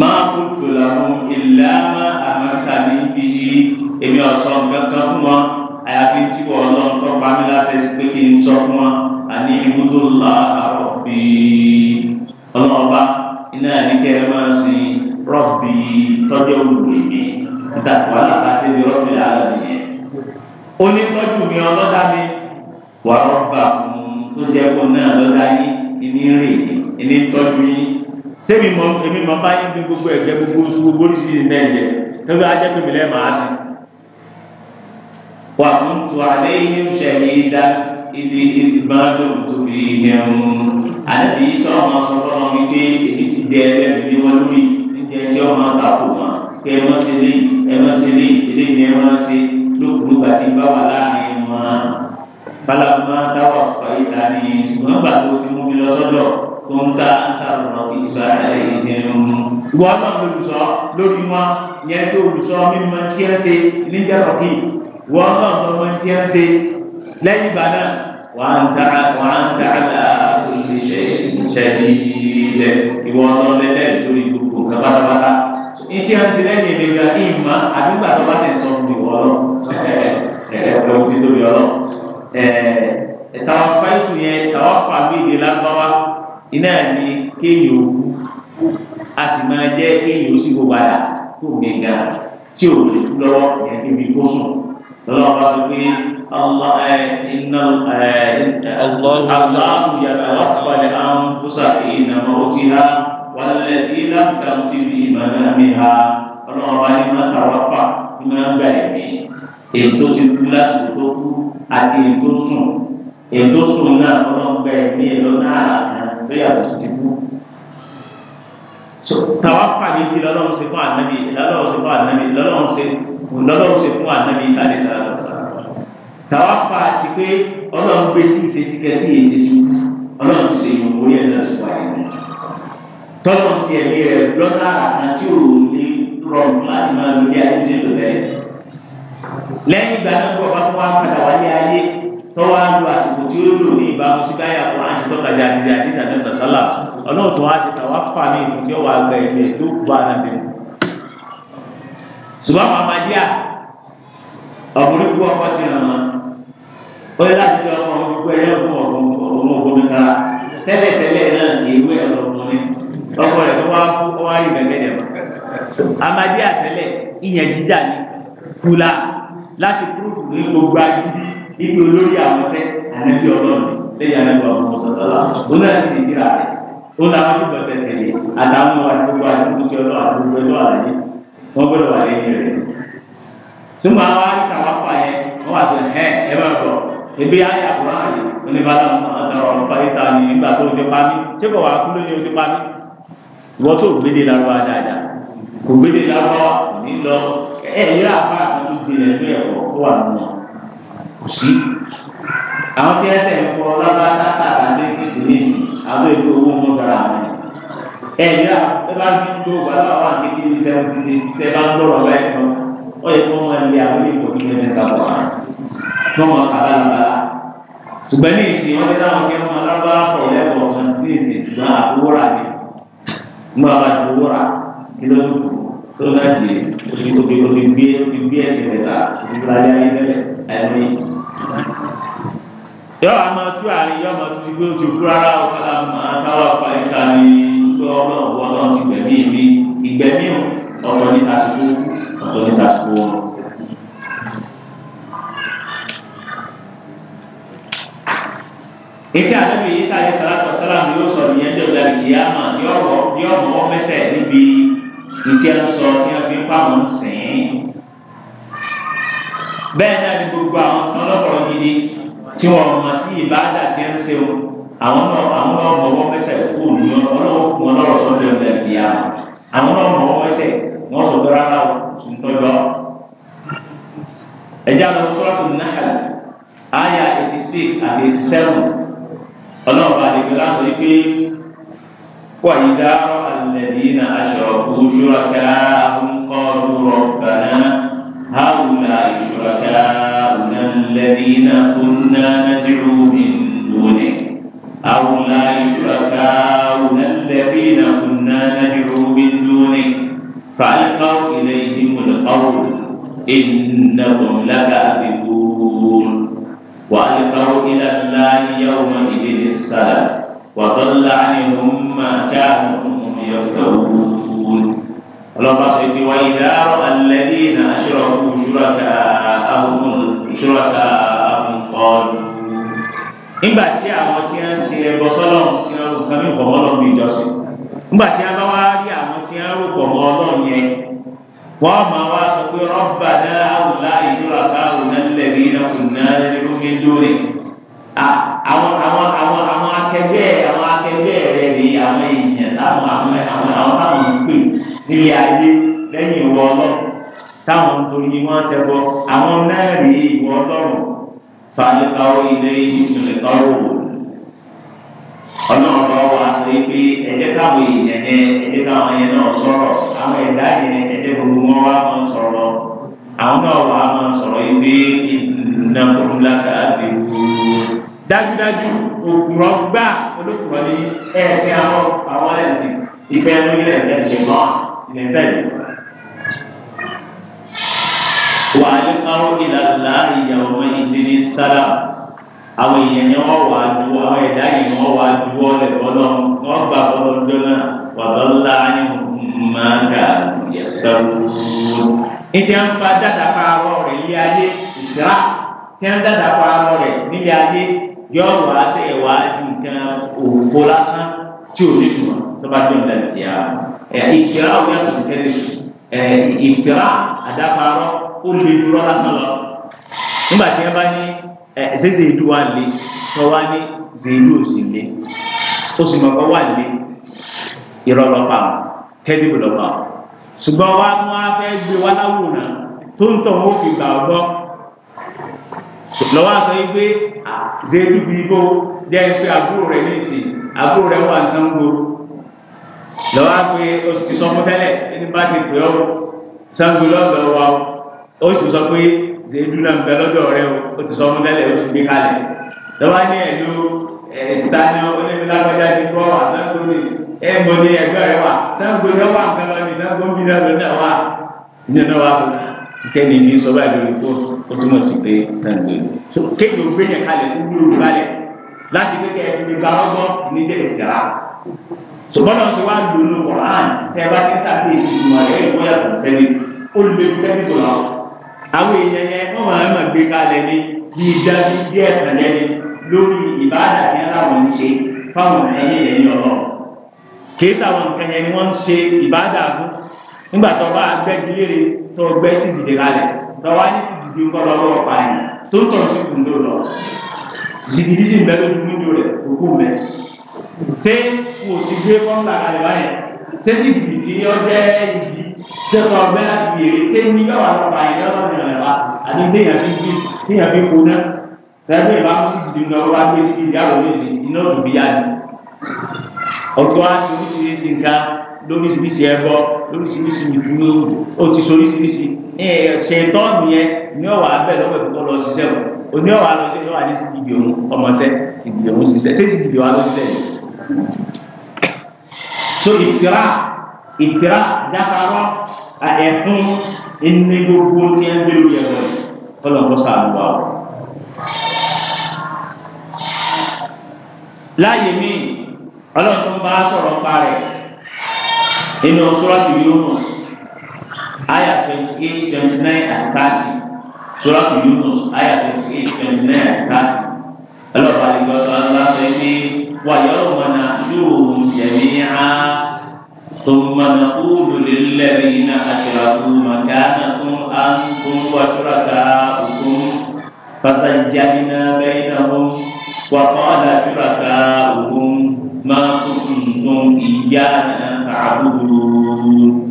máa kú tòlà fún ilé àmà àmàkà ní ibi èmi ọ̀sán kankan fún wọn àyàfi tí wọ́n lọ ń tọ́pa mi láṣẹ sí pé kí n sọ fún wọn àní ibùdó là àrọ̀ bíi ọlọ́ọ̀bá iná àníkẹ́ ẹ máa sìn rọ́ọ̀bì tọ́jú olùgbèmí nígbà tó wà lápá sí ibi rọ́ọ̀bì àlọ́ nìyẹn onítọ́jú mi ọlọ́dà mi wà rọ́bà tó jẹ́ kó náà lọ́dà yín ìní rè ìní tọ́jú yín sẹ́mi mọ èmi mọ bá yín bí gbogbo ẹ̀jẹ̀ gbogbo oṣù gbogbo oṣù yìí náà jẹ nígbà ajẹ́ pé mi lẹ́ màá sí. wà ń tu alẹ́ yín ṣẹ̀lẹ̀ ìdá ìdí ìbádùn tó fi hẹ̀m àti sọ́ọ̀mọ sọ́kọ́nà mi pé èmi sì jẹ́ ẹlẹ́mi ní wọ́n lórí níjẹ́ ẹjọ́ máa ta kò mọ́ kẹ́ ẹ lókùrú bá ti bá wà láàrin wọn balabuma dáwà fàyíta ni ṣùgbọ́n gbà tó ti mú mi lọ sọ́dọ̀ tó ń ta ń ta ọ̀rọ̀ ìgbà ìdẹ̀rùn. ìwọ náà lòlùsọ lórí wọn yẹn tó lùsọ mímọ tí ẹ ṣe níjà rọkì ìwọ náà lọmọ tí ẹ ṣe lẹ́yìn ìgbà náà wà á ń ta wà á ń ta àlà olùṣẹ́ ìṣẹ́ ní ilẹ̀ lórí gbogbo nǹkan ìtí àti lẹ́yìn ìlera ìmọ̀ àdúgbò àtọ́bá sì ń sọ fún ìwọ lọ ẹ̀ẹ́dẹ̀ẹ́dẹ̀ ohun ti tóbi ọlọ. Tàwọn fáìtù yẹn tàwọn fàmìlì lágbáwá iná ní kéèyàn òkú a sì máa jẹ́ kéèyàn ó sì kó padà tó gbẹ̀ngà tí ò lè kú lọ́wọ́ yẹn níbi kó sùn. Lọ́wọ́ bá sọ pé Allah ẹ̀ iná ẹ̀ Allah yàrá wà pàdé àwọn kó sàkéyìn wàlẹ́tì láǹtàǹtì bí ìmọ̀nàmì ha ọlọ́run bá ní máa tàwa fà ní máa gbà ẹ̀mí ètò ti kú lásìkò tó kú àti ètò sùn ètò sùn náà ọlọ́run gbà ẹ̀mí ẹ̀ lọ́nà àràkàn tó yàtọ̀ sí kú. tàwa fà ní ti lọ́lọ́run ṣe fún ànábì lọ́lọ́run ṣe fún ànábì lọ́lọ́run ṣe lọ́lọ́run ṣe fún ànábì sáré sáré tàwa fà ti pé ọlọ́run gbé sí ìṣesíkẹ́ sí ètò ọlọ́run ṣe ìmọ̀ tọ́lọ̀ sí ẹ̀mí rẹ̀ lọ́dọ̀ àràkàn tí ò lè rọrùn láti máa lò ní ayé tí ò bẹ̀rẹ̀. lẹ́yìn ìgbà náà kọ́ bá tó wá padà wálé ayé tó wá lu àsìkò tí ó lò ní ìbámu sí báyà kó àti tó kàdé àti àti sàdé nàṣálà ọlọ́run tó wá ti tàwa fà ní ìlú tí ó wà gba ẹ̀mí ẹ̀ tó gba ara rẹ̀. ṣùgbọ́n àwọn amadíà ọ̀bùnú kú ọkọ sí ọmọ ó yẹ láti fi ọmọ ọmọ gbogbo ẹ̀yọ́ fún ọ̀rọ̀ ọmọ ògbómi kára tẹ́lẹ̀ tẹ́lẹ̀ náà èwe ọ̀rọ̀ ọkọ rẹ̀ tó wá kú ọ wá rí dẹ̀ mọ́. amadi àtẹlẹ ìyẹn jíjà ni kula láti kúrò ní gbogbo ayé ibi olórí àwọn sẹ ànábi ọlọ́run lẹ́yìn ànábi ọmọ sọ̀tọ̀lá ó náà sì ti ra rẹ̀ ó làwọn ti bọ̀tẹ̀ tẹ̀lé àtàwọn àdúgbò àdúgbò tí ọlọ́run àdúgbò ẹlọ́run àlàyé wọ́n gbọ́dọ̀ wà lẹ́yìn rẹ̀. túmọ̀ àwọn àríkà wá pa yẹn wọ́n wà sọ ẹ̀ ẹ bá sọ ebi ayé àkùrọ̀ àyè oníbàdàn ọ̀dọ̀ ọ̀rọ̀ pàdé nígbà tó o ti pa mí ṣé kò wà kúló ni o ti pa mí wọ́n tó gbéde lárúbá dáadáa kò gbéde lárúbá kò ní lọ ẹ̀ yíra àbá àtúntò gbélé ẹgbẹ́ ẹ̀kọ́ tó wà nù wọn kò sí. àwọn tí ẹsẹ̀ ń kọ́ lọ́ba tata àti kékeré àwọn ètò owó wọn gara àwọn ẹ̀ yíra ẹ bá fi tó wàhálà wà kékeré sẹ́wọ́n ti ṣe tẹ́ bá ń gbọ́rọ̀ báyìí kan ó yẹ kó máa lé àwọn ètò ìgbẹ́ mẹ́ta bọ̀ wá lọ́mọ kàlá lọ́la ṣùgbọ́n ní ìsìn wọn ní táwọn kí wọ́n máa lábá ọ̀rẹ́ ní ìsìn ṣùgbọ́n àbúrò àti máa dùwọ́ kita kí ló dùn tó náà sì omi omi omi gbé omi gbé ẹsẹ̀ mẹ́ta ìdúrà yá yín lẹ́lẹ̀ ẹ̀mí. yọ àmọ́ tú àárín yọ àmọ́ tú gbé oṣù kúrò ara ọ̀kadà máa káwá pàríkà ní ètí àdébí yìí sáyé sàlátọ sàlám yóò sọ nìyẹn tó gba ìyáàmà yọrọ yọrọ mẹsẹ níbi ìtí ẹ sọ tí wọn fi ń fáwọn sìn. bẹ́ẹ̀ náà ni gbogbo àwọn ọlọ́pàá gidi tí wọn mọ̀ sí ìbáàdà tí ń ṣe àwọn náà àwọn náà mọ̀ wọ́n mẹsẹ̀ kó ní ọlọ́wọ́ kún ọlọ́rọ̀ sọ́dọ̀ ẹ̀ bẹ̀rẹ̀ ìyáàmà àwọn náà mọ̀ wọ́n mẹsẹ̀ wọ́n sọ dọ́rọ́ náà ntọ́jọ́. ẹ̀jẹ̀ àwọn sọ́rọ́ ọlọ́ọ̀bá àdìgbò láti rí pé wàyídá alẹ́dínà aṣọ̀kú ṣúrọ̀ká ńkọ́rù rọ̀bàná hàwùlà ìṣúrọ̀ká ọ̀nàlẹ́dínà kúnná nàdìrú ìdúnì hàwùlà ìṣúrọ̀ká ọ̀nàlẹ́dínà kúnná nàdìrú ìdúnì fàlùkọ́ ilé ìmùlẹ̀kọ́rù ìnàbọ̀n lága àbíkú wàlùkọ́ ilé ńlá yẹ́wọ̀n ìdílé. السلف وضل عنهم ما كانوا يفترون اللهم صل وإذا رأى الذين أشركوا شركاءهم شركاءهم قالوا nígbà tí àwọn tí wọ́n ṣe ẹbọ sọ́lọ̀ tí wọ́n kàn mí pọ̀ mọ́lọ́ bí ìjọsìn nígbà tí wọ́n bá wá rí àwọn tí wọ́n rò pọ̀ mọ́ Ọlọ́run yẹn wọ́n máa wá sọ pé rọ́bà náà láì ṣúra káàrún náà lẹ́rìí náà kùnà lórí lórí àwọn àwọn àwọn àwọn akẹgbẹ́ àwọn akẹgbẹ́ rẹ rí àwọn èèyàn táwọn àwọn àwọn àwọn táwọn ń pè nílé ayé lẹ́yìn ìwọ ọlọ́run táwọn ń torí wọn ṣẹbọ àwọn náà rí ìwọ ọlọ́run fàlùkàwọ ilé ìṣúlẹ̀ tọ́rọ̀ ọlọ́run bá wà sọ pé ẹ̀jẹ̀ káwọn èèyàn yẹn ẹ̀jẹ̀ káwọn yẹn náà sọ̀rọ̀ àwọn ẹ̀dá yẹn ẹ̀jẹ̀ gbogbo wọn wá wọn sọ̀rọ̀ àwọn náà wà wọn sọ̀rọ̀ yìí pé ìnáwó ńlá kàá fi wú dájúdájú òkùrọ̀ gbà olókùrọ̀ ní ẹ̀sìn àwọn àwọn ẹ̀sìn ìfẹ́ ẹnu ilẹ̀ ẹ̀sìn mọ́ ilẹ̀ tẹ̀lé. wà á ní káwọn ìlàlá ìyàwó wọn ìdí ní sára àwọn èèyàn ni wọ́n wà á du àwọn ẹ̀dá yìí ni wọ́n wà á du ọ̀lẹ̀ ọlọ́run wọ́n gbà ọlọ́run jọ́nà wà lọ́la ní màgà yẹ̀sẹ̀wò. ìtì ń fa dáadáa pa àwọn ọ̀rẹ́ ilé ayé ìdá tí ń dáadáa pa àwọn ọ̀rẹ́ nílé ayé yọ wà á sẹ wà á di nǹkan òwò lásán tí ò ní tuma tó bá dùn dà bìyà ẹ ìkìlá òun yàtọ̀ sí kẹ́lẹ́ sùn ẹ ìkìlá àdàparọ́ ó lè dúró lásán lọ nígbà tí wọn bá ní ẹ ṣẹṣẹ ìlú wa lé tó wá ní zèlú òsì lé ó sì mọ̀ pé wà lé ìrọ̀lọ́pà tẹ́lifù ṣùgbọ́n wa tún wá fẹ́ gbé wa láwùrán tó ń tọ̀ wọ́n fi gbà ọgbọ́n lọ́wọ́ sọ yìí pé zedu bìbó jẹ́ pé àbúrò rẹ̀ ní ìsìn àbúrò rẹ̀ wà ní sango lọ́wọ́ pé o ti sọ fún tẹ́lẹ̀ ẹni bá ti pè ọ́ sango lọ́dọ̀ wa ó sì sọ pé zedu náà bẹ lọ́dọ̀ rẹ̀ o ti sọ fún tẹ́lẹ̀ o ti gbé kalẹ̀ lọ́wọ́ ní ẹ̀lú ìtàní onímọ̀lágbájá ti gbọ́ wà sango ní ẹ̀mọ́ ní ẹgbẹ́ rẹ̀ wà sango ní ọwọ́ àǹkan lọ́ni sango ń bí náà ní sọ ó túmọ̀ sí pé sàngbé kéde ògbé yẹn kalẹ̀ kó wúlò kalẹ̀ láti pé kẹ́ ẹni gbàgbọ́ ní délé ìjàrá sọgbọ́dọ̀ sọ wá lò ló wọ̀ án tẹ́ bá ti sàkíyèsí ìmọ̀ rẹ̀ ẹ̀ bóyá tó tẹ́lẹ̀ ó lè fẹ́ tó lọ. àwọn èèyàn yẹn wọ́n máa ń gbé kalẹ̀ ní bí dájú bí ẹ̀kan lẹ́ni lórí ìbáàdà ní aláwọ̀ ń ṣe fáwọn ẹ̀yẹ ẹ̀yẹ ọ̀rọ̀ kìí sàwọn nǹkan yẹn ni wọ́n ń ṣe ìbáàdà fún nígbà tó bá gbẹ́gilére tó gbẹ́ sí ìdìde kalẹ̀ tó wá ní ti ní kọ́lọ́ lọ́wọ́ pààyàn tó ń tọ̀rọ̀ sí kùndó lọ jìgìdì sì ń bẹ lójú wíńdò rẹ̀ òkú mẹ́ ṣé kò sì gbé fọ́nlá kalẹ̀ báyẹn ṣé sì gbì tí ó jẹ́ ìdí sẹ́kọ̀ ọ̀gbẹ́ láti yèrè ṣé ní yọ̀wà lọ pààyàn lọ́wọ́ ní ọ̀rẹ́ wa àti téèyàn fi gbé téèyàn fi kó ná tẹ́lẹ̀ bá kú sí gidi ní ọwọ́ agbé sí gidi àwọn oníṣe iná òdò bí yá ni ọ̀tọ́ á oríṣiríṣi nǹkan lóríṣiríṣi ẹbọ lóríṣiríṣi ìdúró ó ti sọ oríṣiríṣi ṣe tọ́ọ̀nù yẹn ní ọ̀wà abẹ́ lọ́wọ́ ìfowópamọ́ lọ ṣiṣẹ́ wọn òní ọ̀wà lọ ṣe yọ̀wà ní sìgìdì òun ọmọṣẹ́ sìgìdì òun ṣiṣẹ́ ṣé sìgìdì wa ló ṣiṣẹ́ yìí. so ìfira ìfira dákàrọ ẹ̀fún ẹni gbogbo tí ẹ ń gbé lórí ẹ̀rọ kọlọ̀kọ́ sàlùwà o. láàyè mi ọlọ́run tó ń bá sọ̀rọ̀ pa rẹ̀ nínú sọ́rọ́ tìlú Yunus. Ayat 28, 29 and 30. Surah Yunus, Ayat 28, 29 and 30. Allah balik wa ta'ala ini wa yawma nahsyuruhum jami'a thumma naqulu lil ladzina asyraku makanakum antum wa syuraka'ukum fasajjalna bainahum wa qala syuraka'ukum ma kuntum iyyana ta'budun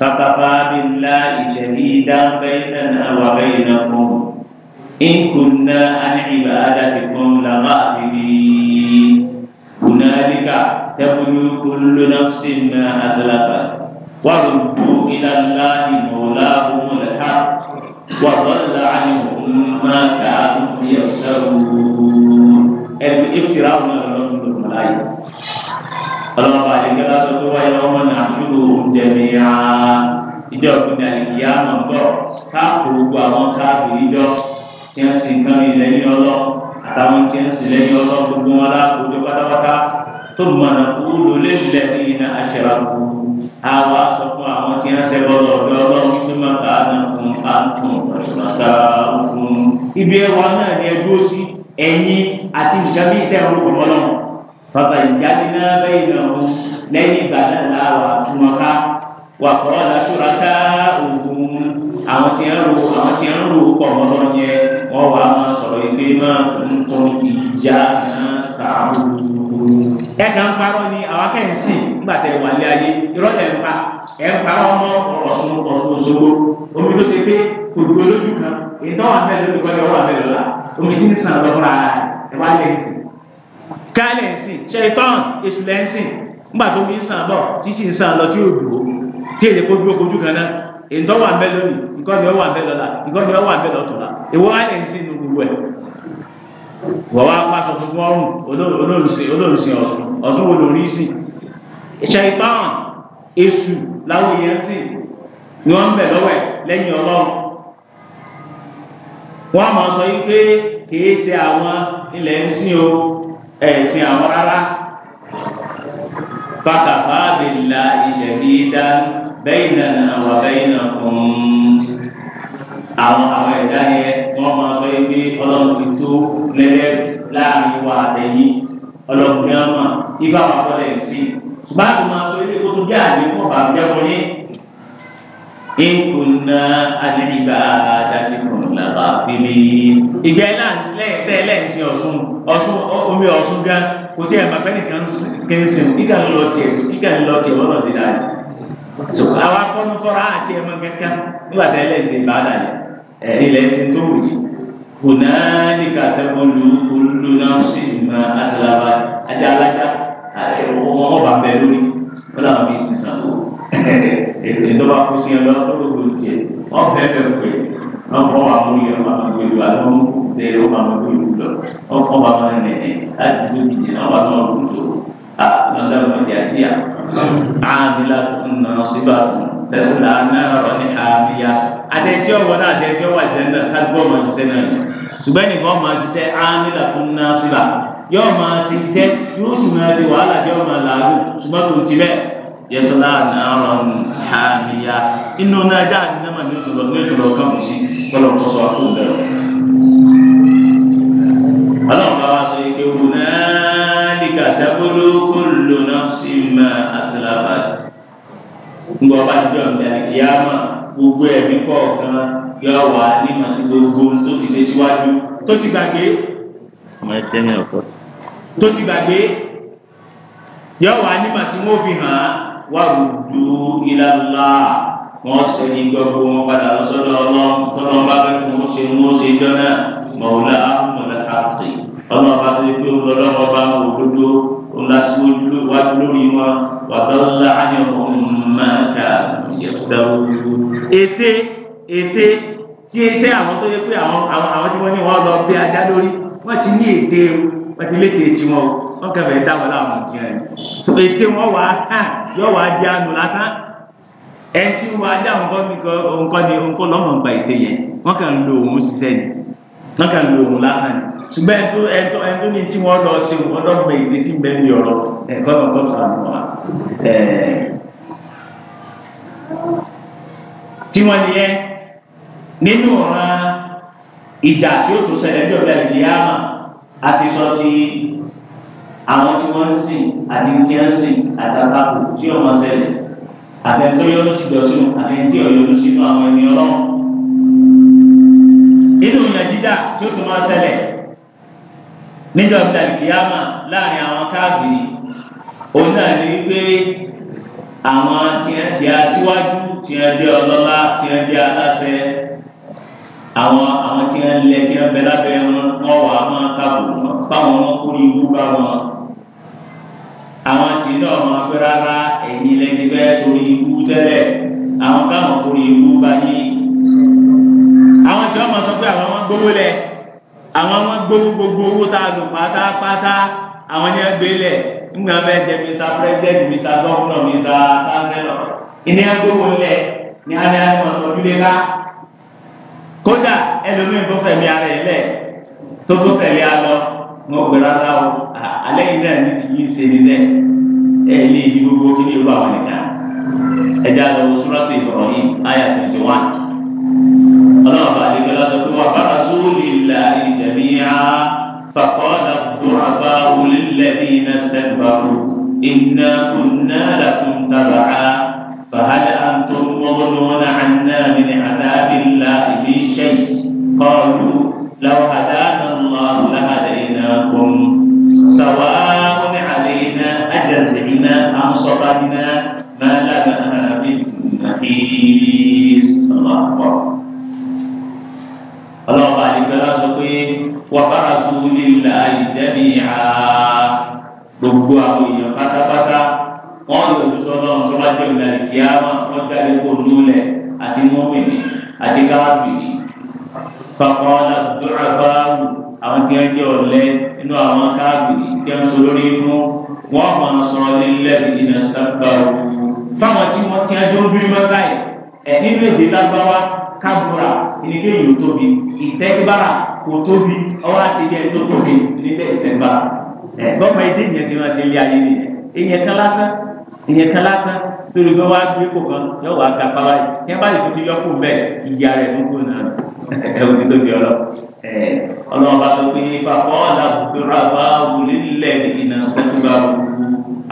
فكفى بالله شهيدا بيننا وبينكم إن كنا عن عبادتكم لغافلين هنالك تبلو كل نفس ما أسلفت وردوا إلى الله مولاهم الحق وضل عنهم ما كانوا يفترون افتراء من الله ọlọ́wọ́ àdìgbẹ́lá sọ pé wáyé ọmọ náà ṣubú dẹ̀mí ya ìjọ òkúta ìyá náà bọ̀ káàkó gbogbo àwọn káàkó ìjọ tí wọ́n sì kán ní lẹ́yìn ọlọ́ àtàwọn tí wọ́n sì lẹ́yìn ọlọ́ gbogbo wọn lákòójọ pátápátá tó mọ̀nà kúrò lẹ́lẹ̀ ìyìn àṣẹwà kú àwa sọ fún àwọn tí wọ́n ṣẹ́ bọ́lọ̀ ọ̀dọ́ ọlọ́run tó máa kà á fún àtún ọ̀ṣọ́nàta fún. ibi ẹwà náà ni ẹgbẹ́ òsì ẹ̀yìn àti ìjàmbá ìtẹ̀ ọ̀rọ̀ ọ̀lọ́run fasanjadina bẹyìnàwó lẹ́yìn ìgbà náà láwa túmọ̀ká wà kọ́ lásùrà ká òògùn àwọn tí ń ro àwọn tí ń ro pọ̀ mọ́tọ́ yẹn wọ́n wà á máa sọ̀rọ̀ ìgbé máa ọwọ́ àmẹ́rin lọ́la omi ti ń sàn lọ́kùnrin ara ẹ̀ wá lẹ́yìn sí kálẹ̀ ń sìn ṣe ìtọ́n èṣù lẹ́ ń sìn nígbà tó fi ń sàn bọ̀ tí sì ń sàn lọ tí yóò dúró tí èdè kó dúró kojú kan náà èyí tó wà ń bẹ lónìí nǹkan ni ó wà ń bẹ lọ́la nǹkan ni ó wà ń bẹ lọ́tọ̀la ìwọ á lè ń sìn ní gbogbo ẹ̀ wọ́n wá pàṣọ fún ọrùn olóòrùsìn ọ̀sùn ọ̀sùn wo lórí sìn ṣe ìtọ́n máa sọ yí pé kì ṣe àwọn ilẹ̀ ń sìn o ẹ̀sìn àwọn rárá fàkàfà bìlà ìṣẹ̀lẹ̀ ìdá bẹ́yìn náà wà bẹ́yìn náà kùn àwọn àwọn ẹ̀dá yẹn wọ́n máa sọ yìí pé ọlọ́run ti tó lẹ́lẹ́ láàrin wa àtẹ̀yìn ọlọ́run ní ọmọ ibà wà fọlẹ̀ sí ṣùgbọ́n máa sọ ilé tó jẹ́ àdínkù àbújẹ́kọ ní. ìkùnà àdìgbà àdàtìkùn làbàfẹ́lẹ́ ìgbẹ́ láǹtí lẹ́yìn tẹ́lẹ̀ ń ṣe ọ̀sùn ọ̀ṣun omi ọ̀ṣun ga kò tí ẹ̀ bàbá nìkan kẹ́sìn kíkà ń lọ tiẹ̀ kíkà ń lọ tiẹ̀ wọ́n lọ sí dáadáa so àwa kọ́nu kọ́ra àti ẹ̀mọ kankan nígbà tá ilé ẹ̀sìn bá dà yẹ ẹ̀ ilé ẹ̀sìn tó wù yìí kò náà ní ká tẹ́kọ̀ọ́ lu olú náà sí ìmọ̀ àṣàlàbà ajá alájá wọ́n bá bẹ lórí wọ́n làwọn bí sísan kó ìdọ́gba kó sí ẹ lọ́wọ́ tó ló tiẹ̀ wọ́n bẹ́ẹ̀ bẹ́ẹ̀ pé wọ́n kọ́ àwọn yẹn wọ́n máa gbé lu àlọ́ wọn kú lẹ́yìn wọ́n máa gbé lu lọ ọkọ wa máa ń rìn láti tó ti jìnnà wà lọ́wọ́ kù tó a lọ́dọ̀ wọn di àdíyà àmìlá nà síbà tẹ̀sílà náà rọ̀ ní àmìyá adẹ́tí ọ̀wọ́ náà adẹ́tí ọ̀wọ́ àjẹ́ńdà kágbọ́ máa ṣiṣẹ́ náà ṣùgbọ́n nìkan máa ṣiṣẹ́ àmìlá náà síbà yóò máa ṣe iṣẹ́ yóò sì máa ṣe wàhálà jẹ́ ọmọ làárù ṣùgbọ́n kò ti bẹ́ẹ̀ yẹsọlá àdáhùn àmìyá inú náà dáa ní náà ní òtún lọ ní sí kọ́lọ́kọ́sọ àkóńdẹ̀rọ̀ ọlọ́run bá wá sọ pé hunalika tabulu kullu nafsin ma aslamat ńgbọ́ bá jọ ìyáàmà gbogbo ẹ̀mí kọ̀ọ̀kan yọ wà ní màsí gbogbo tó ti ṣe síwájú tó ti gbàgbé. ọmọ ẹ tẹ́ ní ọ̀pọ̀. tó ti gbàgbé yọ wà ní màsí wọn fi hàn wà rúdú ila Allah wọn sẹ́ni gbogbo wọn padà lọ́sọ́dọ̀ ọlọ́run tọ́lọ́ bá fẹ́ fún un ṣe mú un ṣe jọ náà mọ̀wúlá mọ̀lá káàkiri ọmọ ọba tó yẹ pé ó lọ́dọ́ ọba òdodo ó lásìwájú wájú lórí wọn wàdọ́lá ayọ̀mọ̀ mọ̀ọ́ká yẹ̀tẹ̀wò. ète ète tí ète àwọn tó yẹ pé àwọn àwọn tí wọ́n ní wọ́n lọ bí ajá lórí wọ́n ti ní ète wọ́n ti léte ètí wọn o wọ́n kẹfẹ́ dá wọn láwọn ti rẹ̀. ète wọn wà á hàn yọ wà á di àánú lásán ẹ̀ tí wọ́n á dá nǹkan ní nǹkan ní nǹkan lọ́mọ̀ gba ète yẹn wọ́n kàn lo òun ṣiṣẹ́ ni wọn kà lu òun lásán ṣùgbọ́n ẹ̀tọ́ ẹ̀tọ́ ẹ̀tọ́ ní tí wọ́n lọ sí wọn lọ́gbẹ̀ èdè tí ń bẹ ní ọ̀rọ̀ ẹ̀kọ́ náà kọ́ sàn wọn. tí wọ́n yẹ nínú ọ̀ràn ìjà tí ó tún ṣẹlẹ̀ ní ọ̀gá ìdíyàmà àti sọ ti àwọn tí wọ́n ń sìn àti tí ń sìn àtàkùn tí ọmọ ṣẹlẹ̀ àtẹ̀tọ́ yọ̀ọ́ lọ́sibọ̀sìn àtẹ̀tọ́ yọ̀ọ́ lọ́sibọ̀ àwọn ènìyàn náà fìtínà tí ó tún máa ṣẹlẹ̀ níjọ́ ìgbà ìkìyàmà láàrin àwọn káàbìrì òun náà ní wípé àwọn tí wọn di aṣíwájú tí wọn di ọlọ́lá tí wọn di aláṣẹ àwọn àwọn tí wọn lẹ tí wọn bẹ lábẹ́ wọn wọn wà á máa kábò báwọn wọn ní ibú bá wọn àwọn tí náà wọn pé rárá èyí lẹsí bẹ́ẹ̀ torí ibú tẹ́lẹ̀ àwọn káwọn kó ní ibú bá yín pé àwọn wọn gbowó lẹ̀ àwọn wọn gbowó gbogbo owó tá a lò pátápátá àwọn ni wọn gbé lẹ̀ ńgbà bẹ́ẹ̀ jẹ́ mr president mr governor mr chancellor ìní wọn gbowó lẹ̀ ní alẹ́ àwọn ọ̀dọ́dúnlé ká kódà ẹlòmíín tó fẹ̀mí ara ẹ̀ lẹ̀ tó tó tẹ̀lé alọ wọn gbé rárá o alẹ́ yìí náà ní ti yín ṣe ní sẹ́ gbogbo kí ni ìlú àwọn nìkan ẹ̀dá lọ́wọ́ sọ́rọ́ tó ìbọ̀rọ̀ yìí ayà twenty one. ọlọ́ọ̀bá àdìgbẹ́lá sọ pé wàá bára sóòlì ilà ìjẹ̀míyà fàkọ́ọ̀dà dùrọ̀bà olílẹ̀bí iná sẹ́gbàrú iná kùnà làkùn tàbàá fàhálà àǹtọ̀ mọ́gbọ́nùwọ́n àná mi ní àdábìlá ìfi ṣẹ́yìn kọ́ọ̀lù làwọn àdáná الله لهديناكم سواء علينا أجزعنا أم صبرنا ما لنا من محيص الله أكبر ọlọ́ọ̀bá àdìgbẹ́lá sọ pé wàhálà tó lílà ìjẹ́bi ha gbogbo àwọn èèyàn pátápátá wọ́n lò ó sọ lọ́run tó bá jẹ́ ìlànà ìkíyàmá wọ́n jáde kó lulẹ̀ àti mọ́mìnì àti káàbìrì fàkọ́ àdúrà báwù àwọn tí wọ́n jẹ́ ọ̀lẹ inú àwọn káàbìrì tí wọ́n sọ lórí inú wọ́n máa sọ lílẹ̀ ìdìnnà sábà fáwọn tí wọ́n ti ẹjọ́ bí kábùrà ìníkẹ́ yìí ó tóbi ìsẹ́gbára kò tóbi ọwọ́ àti ilé tó tóbi nílẹ̀ ìsẹ́gbára gbọ́mọ ẹdí ìyẹn sì máa ṣe ilé ayé nìyẹn ìyẹn kan lásán ìyẹn kan lásán torí pé wàá gbé kò kan yóò wàá ga pàrọ̀ yìí tí wọ́n bá lè fojú yọkùn bẹ́ẹ̀ ìyá rẹ̀ ló kún náà ẹ̀wọ̀n ti tóbi ọlọ́ ọlọ́run bá sọ pé bàbá ọ̀la bùdúrà bá wulé nílẹ̀ ìdìnnà sọ́túbà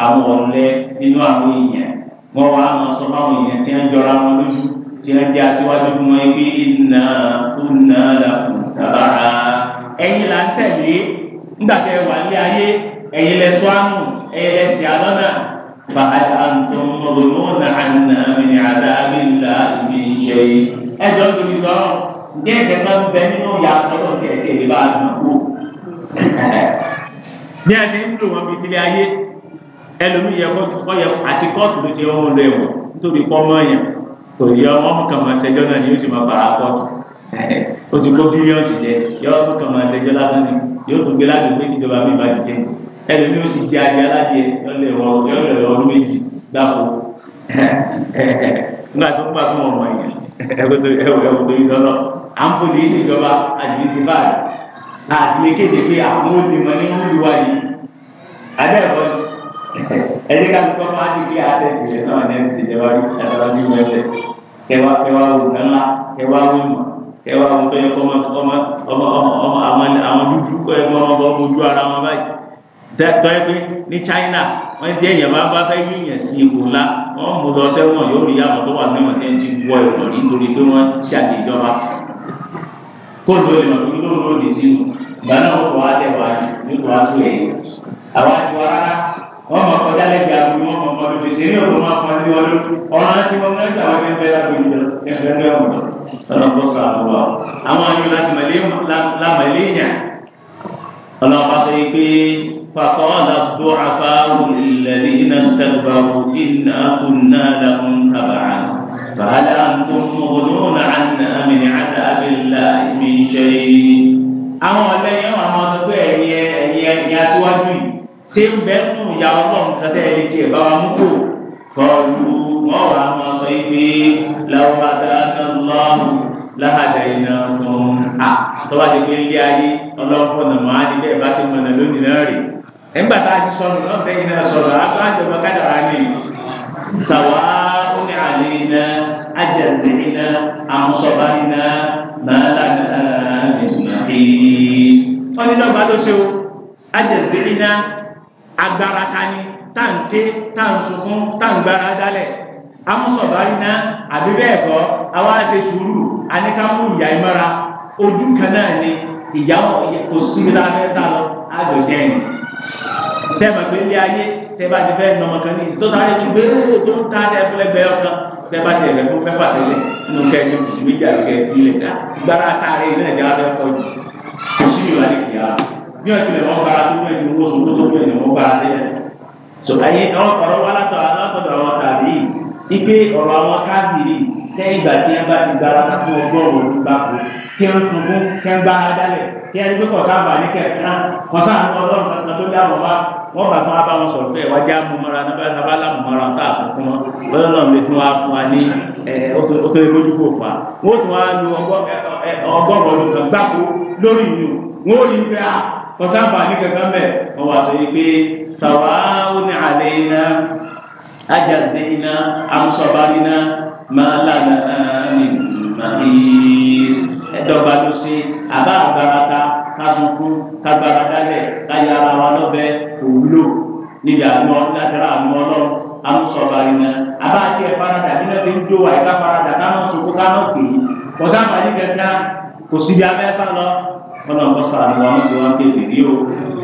àwọn ọ̀lẹ́ nínú àwọn èèyàn wọ́n wàá mọ̀ sọ fáwọn tí wọ́n jẹ́ aṣíwájú fún wọn pé iná kúnná làkùn tábàrà ẹ̀yin là ń tẹ̀lé nígbà tẹ́ wà ní ayé ẹ̀yin lẹ sọ àmù ẹ̀yin lẹ sì àlọ́nà bàtà àǹtọ̀ mọ̀gbọ̀nà àná mi àdáàbí ńlá mi ń ṣe ẹjọ́ tó ti sọ ǹjẹ́ ẹ̀jẹ̀ máa ń bẹ nínú ìyá àtọ́tọ̀ tí ẹ̀jẹ̀ lè bá àdùn kú. bí a ṣe ń lò wọn bíi tilé ayé ẹlòmíyẹ kọ́ yẹ àti kóòtù ló ti ń lọ kò yọ ọmọ kan máa ṣẹjọ́ náà ni yóò sì máa bàrà kọ́ọ̀tù [LAUGHS] ó ti kó bílíọ̀nù jẹ yọ ọmọ kan máa ṣẹjọ́ lásán ni yóò tún gbé lágbègbè ìjọba mi ìbàdí jẹ ẹlòmíì ó sì jẹ ajé aládìẹ yọlẹ̀ ọdún méjì dáko [LAUGHS] nígbà tó ń bá tó ọmọ yẹn ẹ̀wọ̀n tó yọ lọ à ń poli ìṣèjọba àdìyẹ báyìí àti lè kéde pé àwọn olùmọ̀ ní wọ́n lù wá yìí adẹ́ẹ̀kọ́ ni ẹni ká lóko máa di kí àtẹ̀sí rẹ̀ náà ní ẹ̀sìn tẹ̀wá ní ẹ̀sọ́lá ní ìwé ẹ̀sẹ̀ tẹ̀wá tẹ̀wá òǹkà ńlá tẹ̀wá mímọ̀ tẹ̀wá òǹkà yẹ kọ́mọ ọmọ ọmọ àwọn dúdú kọ́ ẹ̀ mọ́ ọmọ ojú ara wọn báyìí tọ́ ẹ pé ní China wọ́n ti ẹ̀yẹ̀ bá bá fẹ́ yíyan sí ipò ńlá wọ́n mú lọ sẹ́wọ̀n yóò rí àwọn tó wà níwọ̀n tẹ́ ti wọ ìwọ̀n nítorí pé wọ́n ṣàdé ìjọba kóòtù ìmọ̀ tó lóòrò lòdì sínú ìgbà náà wọ́n kọ́ wá tẹ̀ wá ní kò wá tó ẹ̀yẹ wọ́n mọ̀ kọjá lẹ́gbẹ̀ẹ́ àbúrò wọn mọ̀ ọdún tèsè ní ọ̀rọ̀ wọn fún ẹni ọdún ọ̀rọ̀ tí wọ́n mẹ́ta wọn ní bẹ́ẹ̀ lágbègbè ẹgbẹ́ ọ̀rọ̀ sọ̀rọ̀ kó sọ àbúrò àwọn ayọ̀ lámàlẹ́yìn ọlọ́pàá sọ pé فقال الضعفاء للذين استكبروا إنا كنا لهم تبعا فهل أنتم مغنون عنا من عذاب الله من شيء أو لن يرى ما تقول يا يا يا tí ń bẹ nù ìyá ọlọ́run kan tẹ́ ẹ ti ẹ̀ bá wa mú kó kọlu wọn wà á máa sọ pé làwọn adáná lọ́rùn láhàdà iná tún à tó bá ti pé ilé ayé ọlọ́run fọ̀nà mọ́ á ní bẹ́ẹ̀ bá ṣe mọ̀nà lónìí náà rè nígbà tá a ti sọnù náà fẹ́ iná sọ̀rọ̀ àtọ́ àjọpọ̀ kájàrá ni sàwá ó àlè iná àjẹsẹ̀ iná àmúṣọba iná máa lánàá nìyí. wọ́n ló ṣe o àjẹsẹ̀ iná agbára ta ni táǹté táǹsunkún táǹgbára dálẹ̀ amúsọ̀bá iná àbí bẹ́ẹ̀ kọ́ àwa ṣe sùúrù àníkàmú ìyá ìmọ́ra ojú kan náà ni ìyá kò sí mi lábẹ́ sá lọ àgbẹ̀ jẹ́yìn tẹ́ẹ̀mà pé ilé ayé tẹ́ẹ̀bá ti fẹ́ nọmọ kan ní ìsìn tó sáré tún gbéró tó ń ta ẹ̀ fúlẹ́gbẹ́ ọkàn tẹ́ẹ̀bá ti ẹ̀rẹ́ fún pẹ́pà tẹ́lẹ̀ nínú kẹ́ẹ̀dé oṣù méjì àti kẹ́ẹ̀dé ilẹ̀ dá gbára àtàrí ilé ẹ̀dá ọ̀dọ́ ọ̀jù kò sí ìwádìí kìí ní ọ̀sẹ̀ lè wọ́n bára tó bẹ́ẹ̀ ju owó sọ̀rọ̀ tó bẹ́ẹ̀ lè wọ́n bára délẹ̀. sọ ayé àwọn ọ̀rọ̀ wa látọ̀ alátọ̀dọ̀ àwọn tàbí ipe ọ̀rọ̀ àwọn káàdìrì tẹ́ ìgbà tí ẹ bá ti gbára sáfún ọgọ́rùn-ún ọdún bá kú tí ẹ ń sunkún kẹ́ ń gbára dálẹ̀ tí ẹ ń gbé kọ̀sáàbà ní kẹ̀kẹ́ kọ̀sáàbà ọlọ́run tó dá wọn wá wọ́n bá abá wọn sọ̀rọ̀ wa ní ọtọ́ ìmójú kò fà wọ́n tún kọsáàpà ní kankan bẹ́ẹ̀ wọ́n wá sọ yìí pé sàwáwó ní àlẹ́ iná ajáde iná amúsọ̀bá iná máa lànà ní màhís ẹ̀dọ́gba ló ṣe àbá àgbàràta kásùnkún kágbára dálẹ̀ káyà ara wa lọ́bẹ̀ òwúlò níbi àmọ́ látara àmọ́ ọlọ́run amúsọ̀bá iná àbá àti ẹ̀fáradà bí wọ́n ti ń dó àyíká faradà káwọn sunkún káwọn pè é kọsáàpà ní kankan kò síbi abẹ́ lọ kọ́nà kọ́sà ni wọn sì wá pèsè ní o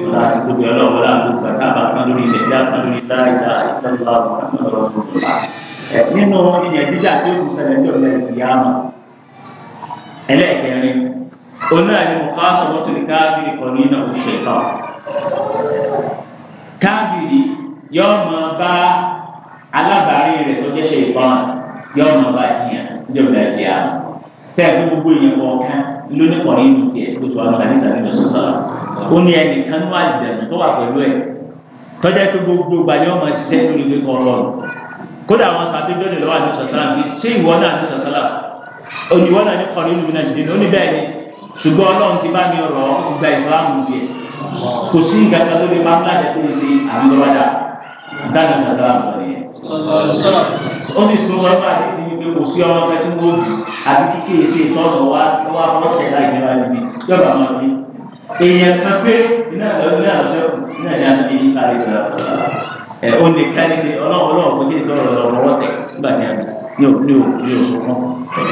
ìlà àtìkò bẹ̀rẹ̀ lọ́wọ́ láàbò gbàtà bàtà lórí ilẹ̀ ìjà kan lórí ìlà ìjà ìjọba nínú ìyẹn jíjà tí ó ti ṣẹlẹ̀ ní ọ̀lẹ́ ìyáàmà ẹlẹ́ẹ̀kẹrin onáà ni mo ká sọ mọ́tò káàbìrì kan ní ìnáwó ṣèkà káàbìrì yóò máa bá alábàárín rẹ̀ tó jẹ́ ṣe ìpamọ́ yóò máa bá jiyàn ní ọ̀lẹ́ ìyáàmà tẹ́ẹ̀ fún gbogbo ìyẹn ló ní kọ̀ọ̀rọ̀ inú tiẹ̀ tó tó àwọn àdìsá nínú sọ̀sọ̀ ó ní ẹnì kan ní àdìsá tó wà pẹ̀lú ẹ̀ tọ́jà pé gbogbo gbàdé ọmọ ṣiṣẹ́ lórí ilé kan lọ́rùn kódà àwọn sàtẹ́jọ́ lè lọ́wọ́ àdìsá sọ̀sọ̀ àbí ṣé ìwọ náà àdìsá sọ̀sọ̀ òyìnbó náà ní kọ̀ọ̀rọ̀ inú náà dìde ní bẹ́ẹ̀ ni ṣùgbọ́n ọlọ́run ti bá mi rọ̀ ọ́ ti gba ìsìlámù tiẹ̀ kò sí ìgbàgbọ́ lórí pamela tẹ̀ tó si àmì lọ́wọ́dà dáná sọ̀sọ̀ àbọ̀ nìyẹn. ó ní sọ́kọ́ pé kò sí ọmọ kan tí wọ́n bì àbí kíkéré sí ìtọ́sọ̀ wá wá fọ́ọ̀tẹ̀ láì ní wáyé mi yọ̀bà máa ní. èèyàn kan pé iná ìlọrin ní àlọ́sẹ̀ iná ìyá mi ní sáré gbà ẹ̀ ó lè ká ní ṣe ọlọ́run ọlọ́run kò ní ìtọ́rọ̀ ọ̀rọ̀ ọwọ́ tẹ̀ nígbà tí a ní òní òní oṣù kan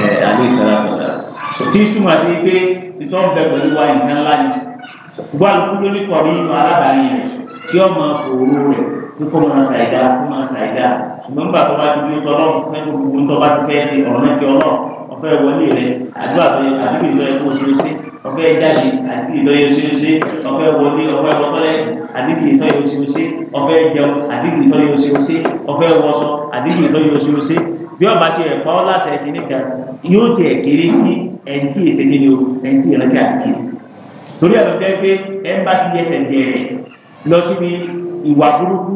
ẹ̀ alẹ́ ìsara ìsara. tí túmọ̀ sí pé ìtọ́ ń bẹ ni gbọ́ àlùkù lórí kọ̀ọ̀rọ̀ nínú alábàárín rẹ̀ kí ọmọ òru rẹ̀ ìmọ̀gbà tó bá ti bí tọ́lọ́ mẹ́tò gbogbo tó bá ti fẹ́ ṣe ọ̀rọ̀ náà ti ọlọ́ ọ̀fẹ́ wọlé rẹ àdúrà tó yẹ àdúgbò ìlọ yẹ kó o ṣe ṣe ọ̀fẹ́ jáde àdúgbò ìlọ yẹ ṣe ṣe ọ̀fẹ́ wọlé ọ̀fẹ́ wọtọ́lẹ̀ àdúgbò ìtọ́ yẹ ṣe ṣe ọ̀fẹ́ jẹun àdúgbò ìtọ́ yẹ ṣe ṣe ọ̀fẹ́ wọṣọ àdúgbò ìtọ́ yẹ ṣe ṣe bí ọba ti ẹ̀ pa ọ́ láṣẹ kìíní kan yóò ti ẹ̀ kéré sí ẹ̀ǹtí ìṣèkìní o ẹ̀ǹtí ìrántí àdúgbò torí ẹ̀ lọ jẹ́ pé ẹ̀ ń bá ti yẹsẹ̀ bẹ̀rẹ̀ lọ síbi ìwà burúkú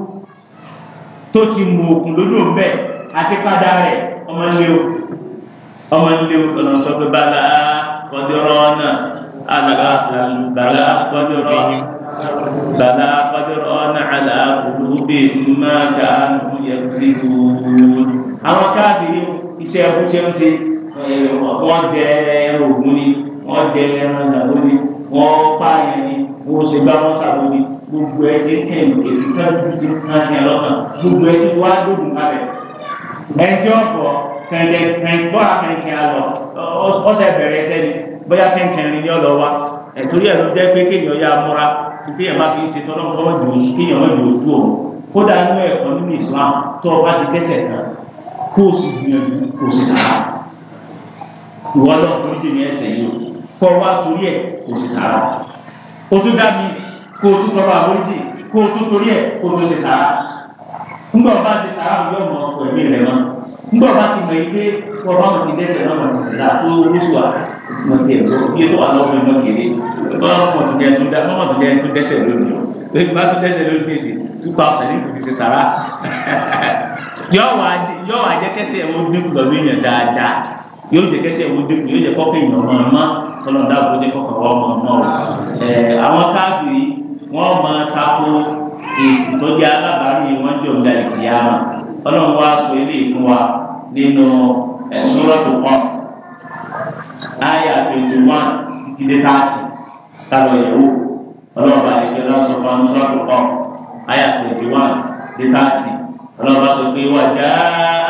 tó ti mú òkun lójú ọ̀bẹ àti padà rẹ̀ ọmọ ilé o ọmọ ilé o ọ̀nà sọ pé bàbá kọjọrọ náà àlàkà bàbá kọjọrọ bàbá kọjọrọ náà àlàkùnú bíi má dànù yẹ sí wúwúwú. àwọn káàdì iṣẹ́ ẹ̀kú ṣe ń ṣe wọ́n jẹ ògùn ni wọ́n jẹ ẹran ìdàgbò ni wọ́n pààyàn ni wọ́n ṣe gbá wọn ṣàgbọ́n ni gbogbo ẹ ti ń kẹ́yìn èdè kẹ́kọ̀ọ́ ti ń ṣe lọ́kàn gbogbo ẹ ti wá dùn kalẹ̀ ẹjọ́ ọ̀pọ̀ kẹ̀lẹ̀ kẹ̀kọ́ àkẹ́kẹ́ alọ̀ ọ̀sẹ̀ bẹ̀rẹ̀ sẹ́ni bóyá kẹ́kẹ́rin ni ọ̀lọ́ wa ẹ̀tọ́rí ẹ̀ ló jẹ́ pé kéèyàn ya múra títí ẹ̀ bá fi ṣe tọ́lọ́mọ́ ìdòwòsù kéèyàn mọ́ ìdòwòsù òun kódà inú ẹ̀kọ́ nínú Islam tó o ti dẹ́sẹ̀ kan kó o sì gbìyànjú kó o sì sára ìwọ́lọ́ oríṣiríṣi ẹ̀sẹ̀ yìí kọ́ wa torí ẹ̀ kó o sì sára o tún dá mi kó o tún tọrọ àforíjì kó o tún torí ẹ̀ kó o tún ṣe sàrà ńgbà ọba ti sàrà òun yóò mọ ọkọ ẹ̀mí rẹ̀ mọ́ ńgbà ọba ti mọ ilé ọba wọn ti dẹ́sẹ̀ náà wọ́n ti sì rà tó olóṣùwà mọ̀tì ẹ̀ lọ bí ètò àlọ́ ọmọ ẹ̀mọ́ kéré ọba wọn ti dẹ́ tún dẹ́sẹ̀ lónìí o ìgbà tún dẹ́sẹ̀ lónìí èsì two thousand ní kò ti ṣe sàrà [LAUGHS] yọ wà jẹ́ kẹ́sì ẹ̀ wọ́n dínkù lọ́dún yẹn dáadáa yóò jẹ́ kẹ́sì ẹ̀ wọ́n dínkù yóò jẹ́ kọ́kẹ́ ìyọ̀mọ̀ ọmọ kọ́lọ́dà àbújẹ́ kọ́kọ́ ọmọ wọ́n máa tako èsì tó jẹ́ alábàárù yìí wọ́n jọ ń da ìkìyàmà ọlọ́run wá sọ eléyìí fún wa nínú Suratu Qaf àyà twenty one títí dé thirty táwọn ìyàwó ọlọ́ọ̀bà àdìgbẹ́ lọ́wọ́ sọ fún wa ní Suratu Qaf àyà twenty one dé thirty ọlọ́ọ̀bà sọ pé wà já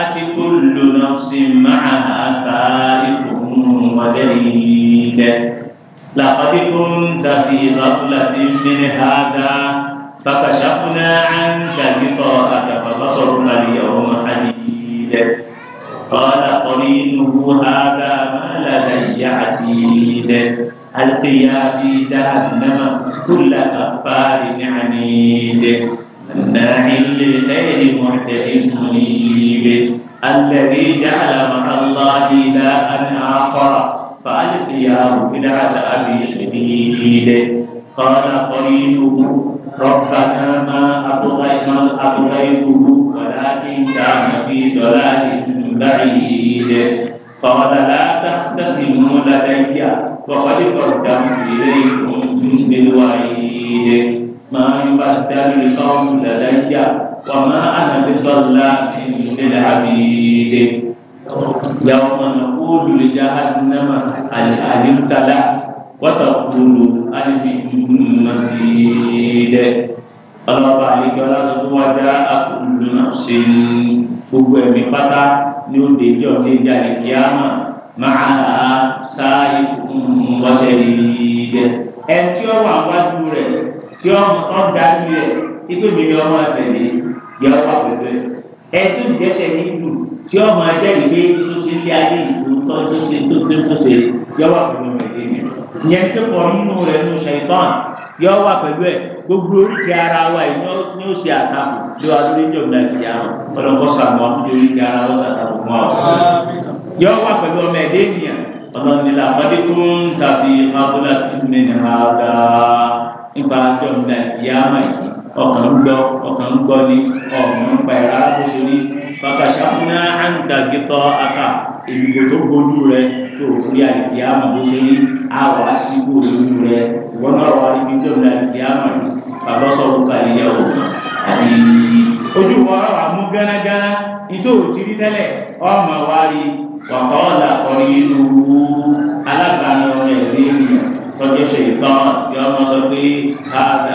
àti kullu nafsin máa àṣà ìkùnkùn wọ́n jẹ́ ìdẹ́. لقد كنت في غفلة من هذا فكشفنا عنك غطاءك فبصرك اليوم حديد قال قرينه هذا ما لدي عتيد القيا في جهنم كل كفار عنيد مناع للخير محتئم منيب الذي جعل مع الله إلها آخر فألقياه بدعة أبي شديد قال قرينه ربنا ما أبغيته ولكن كان في ضلال بعيد قال لا تختصموا لدي وقد قدمت إليكم بالوعيد ما يبدل القوم لدي وما أنا بظلام للعبيد يوم نقول لجهنم هل أهل وتقول هل من مسيد ọlọ́ba àlejò aláṣọ́gbọ́wájá akọ̀lù náà ṣe ní gbogbo ẹ̀mí pátá ní ó dé ìjọ tí ìjà lè kí á mà máa sáàyè wọ́sẹ̀ rẹ̀. ẹ tí ó wà wájú rẹ̀ tí ó ń dájú rẹ̀ ipe mi ni ọmọ àtẹ̀lé yẹ ọ́ pàtó rẹ̀ ẹ tó jẹ́sẹ̀ ní ìlú tí ọmọ ẹjẹ ìwé tó ṣe lé ayé ìlú tó tó ṣe tó ṣe tó ṣe yọ wà pẹ̀lú ẹ̀jẹ̀ mi ìyẹn tó pọ̀ nínú rẹ̀ nínú ṣẹ̀tàn yọ wà pẹ̀lú ẹ̀ gbogbo oríṣi ara wa yìí ni ó ṣe àtàkùn lé wa lórí ìjọba ìyá ọlọ́kọ́ sàmọ́ oríṣi ara wa sàtàkùn mọ́ yọ wà pẹ̀lú ọmọ ẹ̀dẹ́ ènìyàn ọlọ́ni làbọ́dé tó ń tàbí ní ha dáa nípa ìjọba ìyá ọkàn ń ni ọ̀hún ń pa ẹ̀rọ alákòóso fàkàṣàfúnà àǹtàgìtọ̀ àkà ìdìbò tó gbójú rẹ tó orí àdìdì àmà bó ṣe ní àwọ̀ àṣìkò lójú rẹ ìwọ náà wà níbi tó ní àdìdì àmà ní bàbá sọ̀rọ̀ kàlíyà o àti ojú wọn wà mú gánágáná ìtò òtírí tẹ́lẹ̀ ọmọ wa rí wàkọ́ ọ̀là kọrin inú alágbàánu ẹ̀rí tọ́jú ṣe ìtàn yọmọ sọ pé káàdà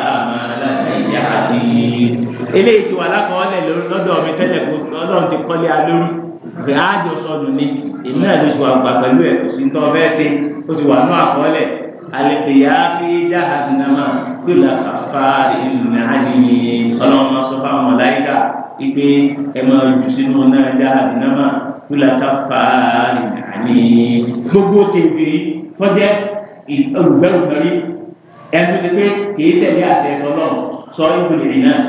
eléyìí ti wà lákọọ́lẹ̀ lọ́dọ̀ mi tẹ́lẹ̀ kó ọlọ́run ti kọ́lé alórí rẹ̀ ájọ sọnù ni èmi náà ló ti wà gbà pẹ̀lú ẹ̀ kò sí ń tọ́ fẹ́ ṣe ó ti wà ní àkọọ́lẹ̀ àlẹ́kẹ̀yà fi jahannama gbìlà kàfàárì ìnà àdìyẹ ọlọ́run máa sọ fáwọn mọ̀láyíkà ipe ẹ máa jù sínú náà jahannama gbìlà kàfàárì ìnà àdìyẹ gbogbo kèfèrí tọ́jẹ́ olùgbẹ́rùgbẹ́rí sọ ìbùdó ìnáà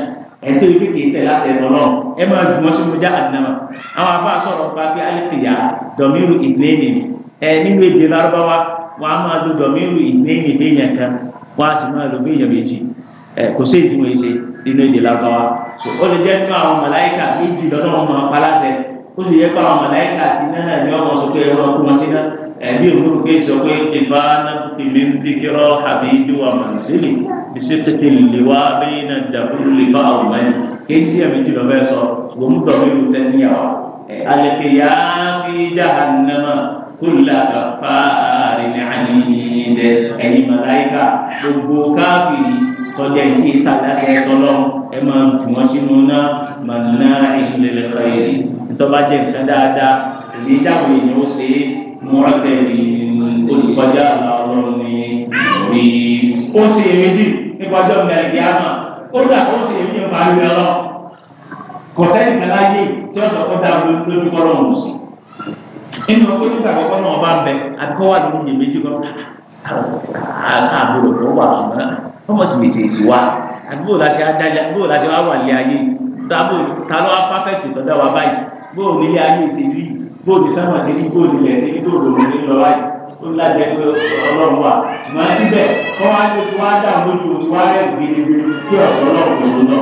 ẹtí ojú kìí tẹ láti ẹtọ náà ẹ máa ju wọn sínú jahannama àwọn afa sọ̀rọ̀ nípa pé alẹkìyà dọmíru ìdílẹmì ẹ nínú èdè lárúbáwá wọn a máa lo dọmíru ìdílẹmì béèyàn kan wọn a sì máa lo béèyàn méjì ẹ kò sí èdè wọn ṣe nínú èdè lárúbáwá so ó lè jẹ nínú àwọn màláíkà méjì lọ́dọ̀ wọn máa pa láṣẹ ó sì yẹ kó àwọn màláíkà ti náà ní ọmọ sọ pé ẹ wọn kó ẹbí òwúrò pé sọ pé ìfá nàbùtì mi ń dìkìrọ àbíjú wa màsílì ìṣe tètè lè wá bẹ́yìn náà dàkúrú lè bá àwọn ọmọ yẹn kì í sí ẹ̀mí tí bàbá yẹn sọ gbòmù tọ̀ mí lù tẹ́ níyàwó alẹ́kẹ̀ yá fi jahannama kúlà kàfà àrìnrìn àníyìn dẹ ẹ̀yin màláìkà gbogbo káfíì tọ́jà ìtì ìtàlásẹ̀ tọ́lọ́ ẹ máa tù wọ́n sínú náà màná ìlẹ̀lẹ̀ kọ̀yẹ̀ nítorí bá jẹ́ nǹkan dáadáa èyí dáhùn ó ṣe é mọ́tẹ́lì olùkọjá àwọn ní orí. ó ṣe èméjì nípasẹ̀ ọ̀gá ẹ̀dí àmà ó dà ó ṣe èméjì nípa ayé ọlọ́ kò sẹ́yìn kan láyé tí ó sọ kọ́tà lójú kọ́ lọ́wọ́ sí. nínú ọkọ̀ nígbà àkọ́kọ́ náà bá bẹ àkọ́kọ́ wà lórí èméjì kan àbúrò tó wà ṣùgbọ́n wọ́n mọ̀ sí lè ṣe èsì wa àbúrò láṣẹ adájá àbúrò láṣẹ wà wà lé ayé tábò ta ló wá pápẹ́tì tọ́jà wa báyìí bóòlù ilé ayé ìṣèlú yìí bóòlù sábà sí ní bóòlù ilẹ̀ sí ní bóòlù òun ní lọ láyé ó ń lájẹ pé ọlọ́run wà má síbẹ̀ kọ́ wá ló ti wá dà lójú o ti wá rẹ̀ gbèrègbèrè pé ọ̀sán ọlọ́run kò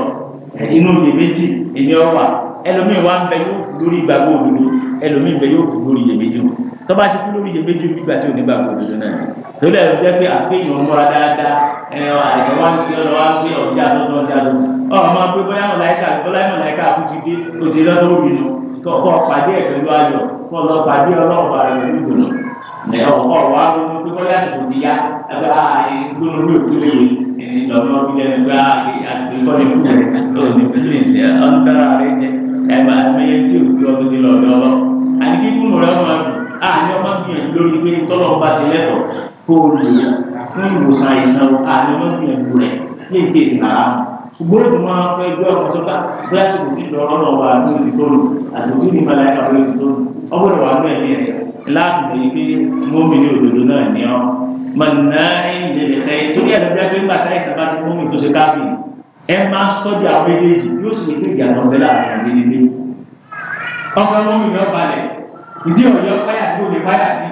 lọ inú mi méjì èmi ọwà ẹlòmíì wá ń bẹ yóò kú lórí ìgbàgbọ́ òdodo ẹlòmíì bẹ yóò kú lórí iyèméjì o tó bá ti kú lórí iyèméjì o nígbà tí ò ní gbàgbọ́ òdodo náà tó lẹ́ jẹ́ pé àgbéyìn ọmọra dáadáa ẹ àìsàn wá ń ṣe ọ lọ wá ń gbé ọ̀dí àtọ́tọ́ ọ̀dí àtọ́tọ́ ọ̀ máa gbé bóyá mọ̀láìkà bóyá mọ̀láìkà àkútí dé òtí lọ́dọ̀ òbí nù tọkọ pàdé ẹ̀ pẹ̀lú ayọ̀ kọ lọ pàdé ọlọ́run àrẹ pẹ̀lú ìdùnnú ẹ̀ ọ̀pọ̀ wa ló ń pẹ́ bọ́lá àsìkò ti yá ẹgbẹ́ ìgbónú mi ò tún lè ẹni lọ́mọ bí lẹ́nu gbá àgbẹ̀kọ́ ní kúrẹ́ lọ́wọ́ ní bílíǹsì ọ̀nkárá rẹ̀ jẹ́ ẹ̀mà ẹ̀mẹ́yẹ tí ò tí ọdún ti lọ ọ̀dọ́ lọ. àdìgí kúrò rẹ̀ ọmọ mi àní ọmọ gbìyànjú lórí pé tọ́lọ̀ bá ṣe lẹ́tọ̀ọ́ kó o lè fún ìwòsàn àìsàn ṣùgbọ́n ìdùn máa fẹ́ gbé ọkọ̀ tó ká gíláàsì kò sí lọ ọ̀nà ọba àti olùdókòrò àti òtún ní ìmọ̀lá ẹ̀ka lórí ìdókòrò ọgbọ́dọ̀ wà ní ẹ̀mí rẹ̀ láti lè gbé mọ́mìnì òdodo náà ní ọ́ mọ̀nà ìjẹ̀lẹ̀ fẹ́ torí ẹ̀rọ bí wọ́n gbà tá ẹ̀sìn bá ti mọ́mì tó ṣe káfí ẹ máa sọ́jà àwọn méjèèjì yóò sì gbé ìyàtọ̀ bẹ́ẹ̀ láàrin àwọn méjèèjì ọkọ mọ́mì yọ balẹ̀ ìdí ọ̀yọ́ fáyà sí òde fáyà sí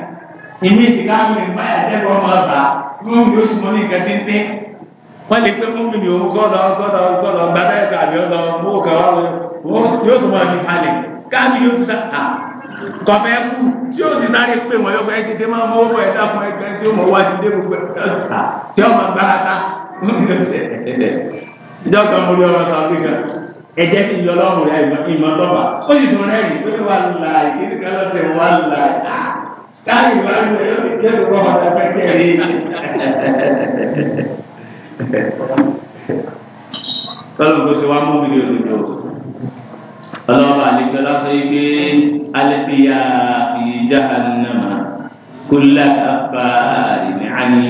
ìmí ìdíkà mi fáyà jẹ́ kó ọmọ ọgbà mọ́mì yóò sì mọ́ ní nǹkan tíntín wọ́n lè pé múmi ni òun gbọ́dọ̀ gbọ́dọ̀ gbọ́dọ̀ gbadá ẹ̀ka àbí ọ̀dọ̀ owó kẹwàá wọ́n yóò tún máa ní palẹ̀ káàbí yóò tún sá kọ̀mẹ́ kú tí yóò ti sáré pé wọ́n yóò fẹ́ ti dé máa mú owó ẹ̀dá fún ẹgbẹ́ tí ó mọ̀ wá ti dé gbogbo ẹ̀dá tí ọmọ agbára ta ìjọ kan mo rí ọmọ South Africa sì yọ lọ́rùn rẹ̀ ìmọ̀ tọ́ba ó sì dùn rẹ̀ yìí pé wà láì kí nìkan lọ́sẹ̀ wà láì káàbí wà lóye yóò ti dé gbogbo ọmọ Kalau kó ṣe wá mú mi lòdòdò ọlọ́run àlejò lásán yìí pé alẹ́bíyà ìjà nàmà kúlá kápá ìnìhàní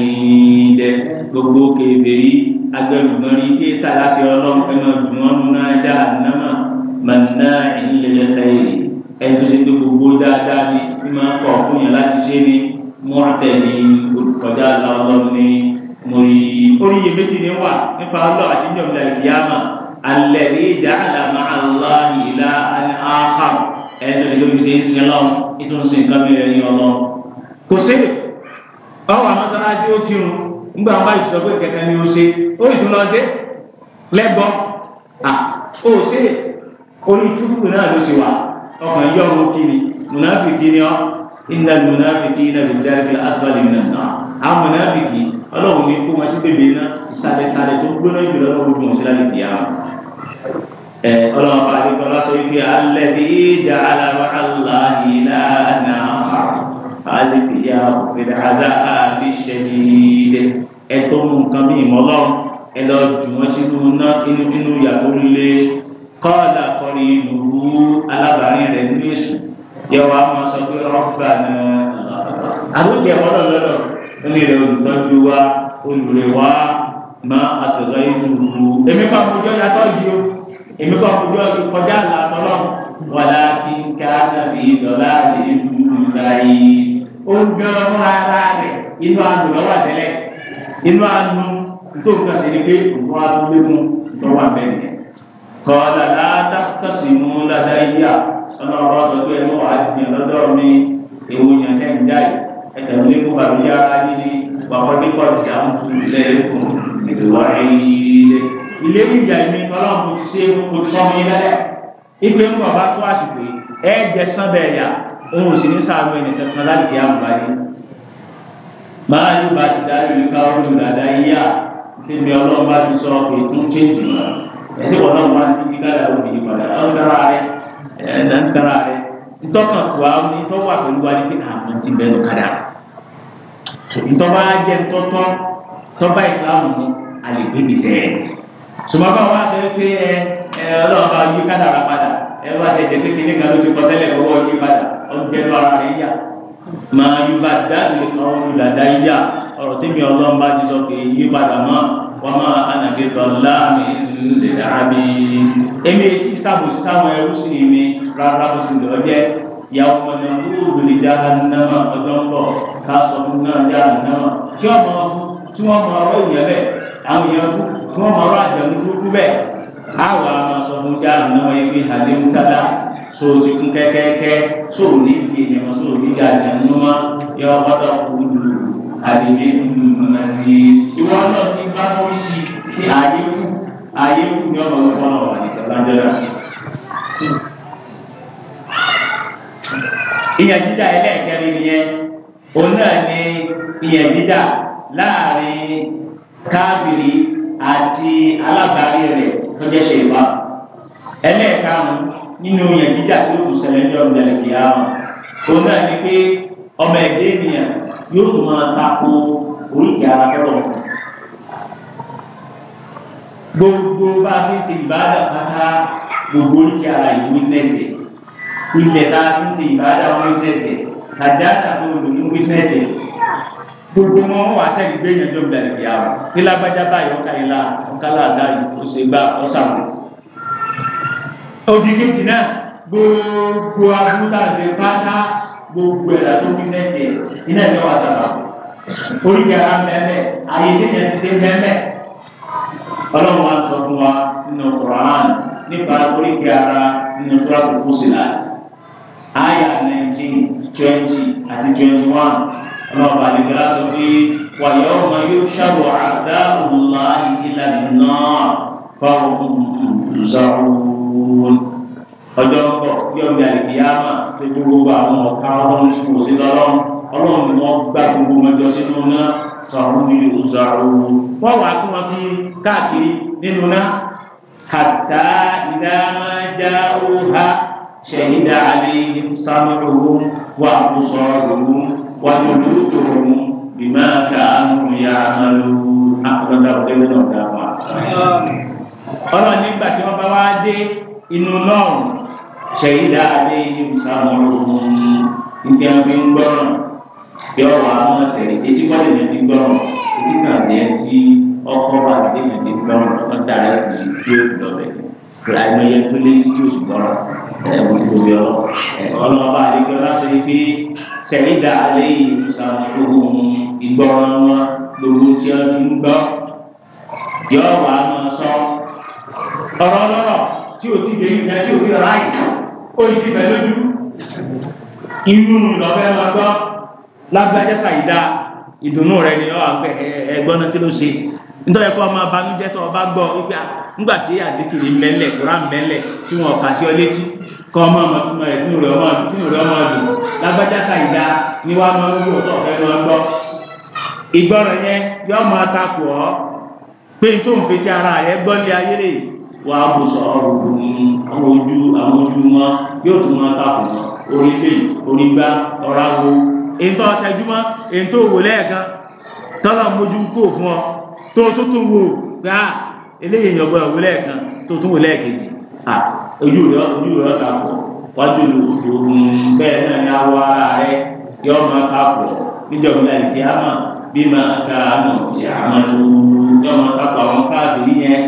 dẹ gbogbo kébèrè agbẹnugbọnri tí ta láti ọlọ́run ẹnu ọdùnmọ́nù náà já nàmà màná ìlẹ̀lẹ̀ kẹyìrì ẹni tó ṣe pé gbogbo dáadáa ni bí máa ń kọ̀ fún yàn láti ṣe ni mọ́tẹ̀ mòyí oríyìn méjì ni wà nípa ọlọ́ àti ní ọ̀gbìn àìkíyàmà alẹ́ ní ìdá àlàmà aláhi ilá àhà ẹni tó ti ṣe ń sin lọ ètò ń sin nǹkan mìíràn ní ọlọ. kò sí ọwọ́ àmọ́sánásí ó kírun nígbà wọn bá ìṣòro pé kẹ̀kẹ́ ni ó ṣe ó ìdùn lọ sí lẹ́gbọ́n à ó sí orí túbú náà ló sì wà ọkàn yọ̀ kiri mùnàfíkì ni ọ́ ìnà mùnàfíkì ìnà náà àwọn mùnàfíkì ọlọ́run ní kó wọn sí bèbè iná ìsàlẹ̀sàlẹ̀ tó gbóná jù lọ́wọ́ gbogbo wọn sí lálẹ́ ìyá wọn. ẹ ọlọ́run bá dé kọ́lá sọ wípé alẹ́ bí ìdá alára aláhi lánà alẹ́ bí ìyá òfin àdá àbí ṣẹlẹ̀ ẹ̀tọ́ mú nǹkan bí ìmọ̀lọ́ ẹ lọ jù wọ́n sínú iná inú inú yàgò líle kọ́ọ̀dà kọ́ni ìlú alábàárín rẹ̀ ní èṣù yẹ wàá mọ sọ pé rọ́bà náà àbújẹ wọn lọ́dọ̀ ẹni rẹ olùtọ́jú wa olùrẹ̀ wa máa àtọ̀gá ìlú èmi kan kọjọ́ yàtọ̀ yìí o èmi kan kọjọ́ kọjá àlàtọ̀lọ́ wàlá kí n ká nàbí dọ̀là ìlú ìlàyé ó ń gbé ọmọ ara rẹ̀ inú àlù lọ́wọ́ àtẹ́lẹ̀ inú àlù tó ń kàṣe ni pé òun á tún lé mu lọ́wọ́ àbẹ̀rẹ̀ kọ́ọ̀dà láàtà kàṣìmú ládàá yíyà ọ̀nà ọ̀rọ̀ sọ pé ẹ̀mọ́ àti ìyàn lọ́dọ̀ mi èwo yàn tẹ́ ń dá yìí ẹ̀jẹ̀ ní kó bàbí yára yíyí bàbá dípọ̀ tí a ń tu ilé ẹ̀kọ́ èdè wá ilé. ilé ìjà mi ọlọ́run kò ti ṣe kò sọ mi lẹ́yà ìgbé ń bọ̀ bá tó àsìkò yìí ẹ jẹ sán bẹ́ẹ̀ yà òun sì ní sáà gbẹ̀yìn kankan láti fi àmúgbá yìí. máa yóò bá ti dárí mi ká ọdún dàda yíyá tèmi ọlọ́run bá ti sọ pé tún ṣe jù lọ ẹ̀sìn wọn náà máa ń fi dára òbí yìí padà ọ̀ dára rẹ̀ ẹ̀ ń dára rẹ̀ ntọ́kàn kù àwọn ìtọ́wà pẹ̀lú wa ní pé àwọn ti bẹ́ẹ̀ lọ kádàrà ntọ́ba jẹ́ tọ́tọ́ tọ́ba ìsìlámù ni a lè gbé gbèsè rẹ̀ sùmọ́bà wa sọ pé ẹ ẹ ọlọ́ọ̀bà yí kádàrà padà ẹ wá tẹ̀tẹ̀ pé kíní kan ló ti kọ́ tẹ́lẹ̀ owó yí padà ọ̀gbẹ́lu ara rẹ̀ yá màá yí padà ní ọ̀rọ̀ olùdàdà yá ọ̀rọ̀ tẹ́mi ọlọ́ọ̀bà ti sọ pé yí padà mọ́ wọ́n máa ànàgbé lọ́lá mi lè dàbí. èmi èsì sábòsí sáwọn ẹrú sí mi rárá bó ti lọ́ọ́ jẹ́ ìyàwó mọ̀nà lóògùn ìjà ká sọ fún náà yá ànámà tí wọ́n mọ tí wọ́n mọ ọ̀rọ̀ ìyẹn bẹ́ẹ̀ àwọn èèyàn kú tí wọ́n mọ ọ̀rọ̀ àjẹmú kúkú bẹ́ẹ̀ àwọn àmọ́ sọ fún yá ànámà yẹn fi hàn léwu sáadá so ti kún kẹ́kẹ́kẹ́ so ní fi èèyàn mọ so ní yá àjẹmú mọ́ yọ ọ̀dọ̀ kúndù àdìyẹ kúndù òun ni ìyẹn dídà láàrin káàbìrì àti alábàárí rẹ̀ tó jẹ́ ṣe ìwà ẹlẹ́ẹ̀karùn-ún nínú ìyẹn dídà tó kù ṣẹlẹ̀ ní ọ̀rùn ìdàlẹ̀ kìí àrùn ni pé ọmọ ẹ̀dẹ́ ènìyàn yóò tún máa tako oríkì ara tọ́lọ̀ gbogbo bá a fi ń ṣe ìbáàdà pátá gbogbo oríkì ara ìlú ìtẹ̀tẹ̀ ilẹ̀ tá a fi ṣe ìbáàdà wọn ìtẹ̀tẹ̀ nàdàtà tó lò ní wítẹ́ẹ̀tì gbogbo wọn wà sẹ́yìn gbé yẹn tó bẹ̀rẹ̀ bíyà wọn ilé abájá báyìí ọkà ilá ọkà láàdá ìkóso ìgbà ọ̀sán wọn. òbí kejì náà gbogbo abúlé àti pátá gbogbo ẹ̀dá tó bí nẹ́ẹ̀sì iná ẹ̀dá wà sábà oríkì ara mẹ́mẹ́ ayé tẹ̀yẹ ti ṣe mẹ́mẹ́ ọlọ́run wa sọ fún wa nínú Kùránì nípa oríkì ara nínú kúrò àkókò síláàtì àyà nineteen twenty àti twenty one ọlọ́ọ̀bà àdìgbẹ́lá sọ pé wàyà ọmọ yóò ṣàwọ̀ àdá òǹlà ìlànà náà fáwọn olùzọ́rùn ọjọ́ ọkọ̀ bí ọmọ àdìgbìyàmà tó gbogbo àwọn ọ̀ka ọlọ́run sí òsì lọ́lọ́run ọlọ́run ni wọ́n gbá gbogbo ọmọdé sínú náà fáwọn olùzọ́rùn wọ́n wàá tún wọn fi káàkiri nínú náà kàtà ìdámájáwó ha. شهد عليهم سمعهم وأبصارهم وجلودهم بما كانوا يعملون أخرج ربنا ودعوة ọlọ́run nígbà tí wọ́n bá wá dé inú náà ṣẹ̀yìndà àdéhìn sàmúlòmùn ní ẹni fi ń gbọ́ràn bí ọ̀rọ̀ àwọn ṣẹ̀lẹ̀ etí wọ́n lè fi gbọ́ràn etí náà lè ti ọkọ̀ wà lè fi gbọ́ràn ọ̀tá rẹ̀ kì í tó lọ́bẹ̀ kí àìmọye tó lé tí ó sì gbọ́ràn ẹ̀ẹ́dùnúbíọ́ ọlọ́ọ̀bá àdìgbọ́ láti rí pé sẹ̀rídà lẹ́yìn ìsàmùlógún ìgbọ́ràn wọn lógún tí wọ́n ti ń gbọ́ yọ wà á máa sọ ọ̀rọ̀ lọ́rọ̀ tí o ti dé ìjà tí o ti ráì ó yí ti bẹ̀rẹ̀ lójú inú lọ́fẹ́ máa gbọ́ lágbájá sàyídá ìdùnnú rẹ ni ọ àgbẹ̀ ẹ̀gbọ́n náà kí ló ṣe. nítorí kó ọmọ abanújẹ́ tó ọba gbọ́ wípé nígbà tí àdékèrè mẹ́lẹ̀ kúrá mẹ́lẹ̀ tí wọn kà sí ọ létí kọ́ ọmọ ọmọ ẹ̀dínú rẹ̀ ọmọ ẹ̀dínú rẹ̀ ọmọ ọdún lágbájá sàyídá ni wàá máa ń yẹn yọ pé tó ń fetí ara gbọ́ ní ayé rè wàá bù àwọn tó tó tó wò gbá ah, eléyìí èèyàn gbọ́dọ̀ wò lẹ́ẹ̀kan tó tó wò lẹ́ẹ̀kejì à ah, ojú rẹ ojú rẹ ọ̀tà pọ̀ wájú ìlú òun bẹ́ẹ̀ náà ní awọ ara rẹ yọ máa ká pọ̀ níjọba ìlà ìdí àmà bí máa ká àmà àmà yọ máa ká pọ̀ àwọn káàkiri yẹn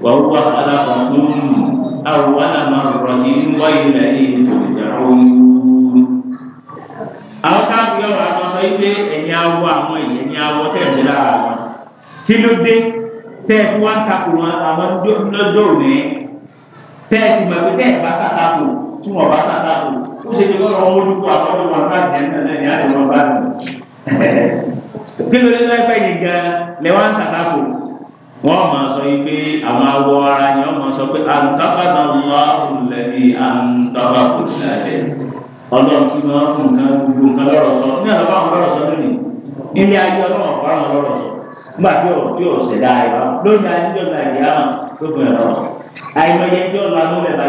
وهو خلقكم أول مرة وإليه ترجعون àwọn káàkiri ọ̀rọ̀ àwọn sọ wípé ẹ̀yin awọ àwọn èyí ẹ̀yin awọ tẹ̀lé lára wọn kí ló dé tẹ́ẹ̀kú wá ń takò wọn àwọn lọ́jọ́ òní tẹ́ẹ̀sì mọ̀ pé tẹ́ẹ̀ bá sàtàkò tí wọ́n bá sàtàkò ó ṣe ní lọ́rọ̀ wọn olùkọ́ àwọn ọmọ wọn bá jẹ́ nílẹ̀ ní àdéhùn ọba nù kí ló dé lọ́pẹ́ yìí gan lẹ́wọ́n sàtàkò wọ́n máa sọ yìí pé àwọn awọ ara yẹn wọ́n máa sọ pé àǹtàbàdà lọ́hùn lẹ́ni àǹtàbà kò sí àlẹ́ ọlọ́run tí wọ́n fún nǹkan gbogbo nǹkan lọ́rọ̀ sọ ní àwọn àwọn lọ́rọ̀ sọ lónìí ilé ayé ọlọ́run ọ̀pọ̀ àwọn lọ́rọ̀ sọ nígbà tí ò tí ò ṣẹ̀dá ayé wa lónìí ayé tí ò ṣẹ̀dá ayé wa tó fún ẹ̀ lọ́rọ̀ tí ò lanú rẹ̀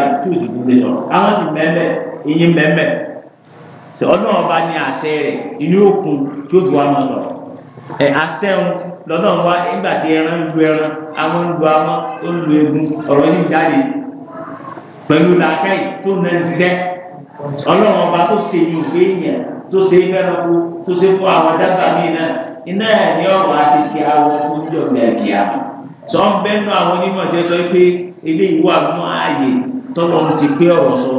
báyìí tó sì lọ́nà wa nígbà tí ẹran ń lu ẹran àwọn ń lu àwọn ó ń lu egun ọ̀rọ̀ yìí jáde pẹ̀lú làákàyè tó nà ń ṣiṣẹ́ ọlọ́run ọba tó ṣe ní ìwé yẹn tó ṣe fẹ́ranko tó ṣe fún àwọn dábàá mi náà iná ẹ̀ ní ọ̀rọ̀ àti ti àwọn oníjọba ẹ̀kí àmọ́ sọ ń bẹ́nu àwọn onímọ̀ tí ó sọ pé eléyìí wà mú ààyè tọ́lọ́ ti pé ọ̀rọ̀ sọ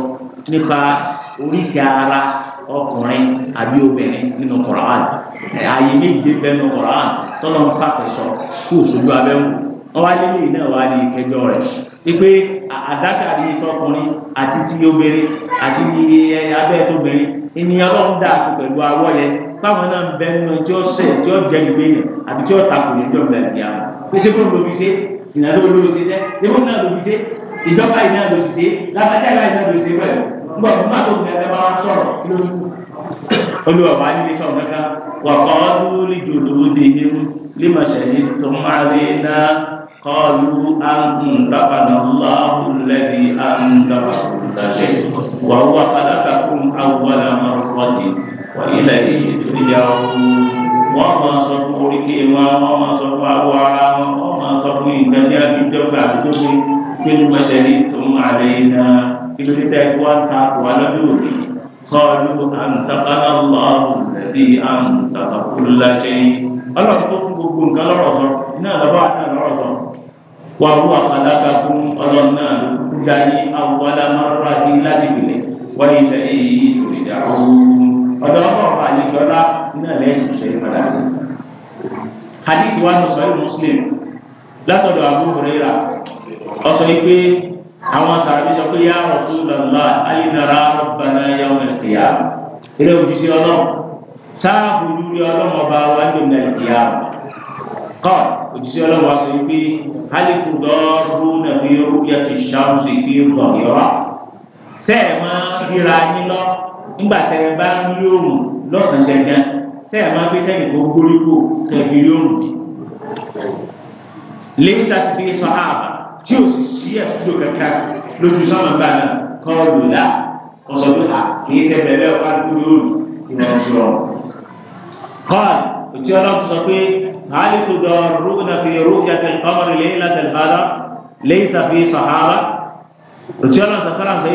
nípa oríkèé ara ọkùnrin àbí obìnrin nínú Kùránì ààyè méje bẹnu ọ̀rá tọ́lọ́ ń fàkẹ́sọ kú òṣojú abẹ́wò wọ́n wá nílé iná wá di ìkẹjọ rẹ̀ wípé àdákàrí tọkùnrin àti ti obìnrin àti abẹ́ tóbìnrin ènìyàn ọlọ́run dà kú pẹ̀lú awọ yẹn báwọn náà ń bẹnu tí ó sẹ̀ tí ó jẹ́ ìgbé yẹn àbí tí ó takò ní ìjọba ìgbé àwọn pèsè kó lóbi ṣe ìnà ló lóbi ṣe jẹ́ ìwọ náà lóbi ṣe ìjọba ìnáà lóbi ṣe lábàjá ìnáà lóbi ṣe pẹ̀lú olúwa wà ní sọ̀rọ̀ kankan wà kọ́ọ́dú lìjòló de irú límọ̀ṣẹ̀yìn tó máa rí iná kọ́ọ̀lù àǹdàbànà láhùlẹ́bí àǹdàbànà wà wà alákàkùn àwọn ọmọkọ̀tì wà ilẹ̀ èyí tó yà ó wọ́n máa sọ fún oríkè wọn wọ́n máa قالوا أنطقنا الله الذي أنطق كل شيء الله تقول قال رضا إن ربعنا رضا وهو خلقكم ظننا كلني أول مرة لتبني وإليه ترجعون هذا الله عليك ولا إن ليس شيء فلاسل حديث واحد صحيح مسلم لا تدعو أبو هريرة أصيبه àwọn sàbí sọ pé yá ọ̀tú lọ́la alìnara ọ̀bàna yàwó ẹ̀kìyà ilé òjijì ọlọ́run sáàbù lórí ọlọ́run ọba wa ní ìlú ẹ̀kìyà kọ́ òjijì ọlọ́run wa sọ pé alikù dọ́ọ̀rù nàbí orúkẹ́ fi ṣàmùsì kí n bọ̀ yọ̀rọ̀ sẹ́ẹ̀ máa ríra yín lọ nígbà tẹ́ ẹ bá ń rí òrùn lọ́sàn-án gẹ́gẹ́ sẹ́ẹ̀ máa gbé lè ṣàtìfẹ́ sọ ààbà tí o sì sí ẹ̀fúdò kankan lójú sọ́nà gbà náà kọ́ ọ́ lò lá ọ̀sọ̀ tó hà kìí ṣe bẹ̀rẹ̀ ọ̀pá dúró lòlù tí wọ́n ń sọ̀rọ̀. kọ́ọ̀lù òtí ọlọ́run sọ pé hali tó dọ̀ rúgbìnà fi rúgbìnà fi ọmọdé lẹ́yìn láti ìbára sọ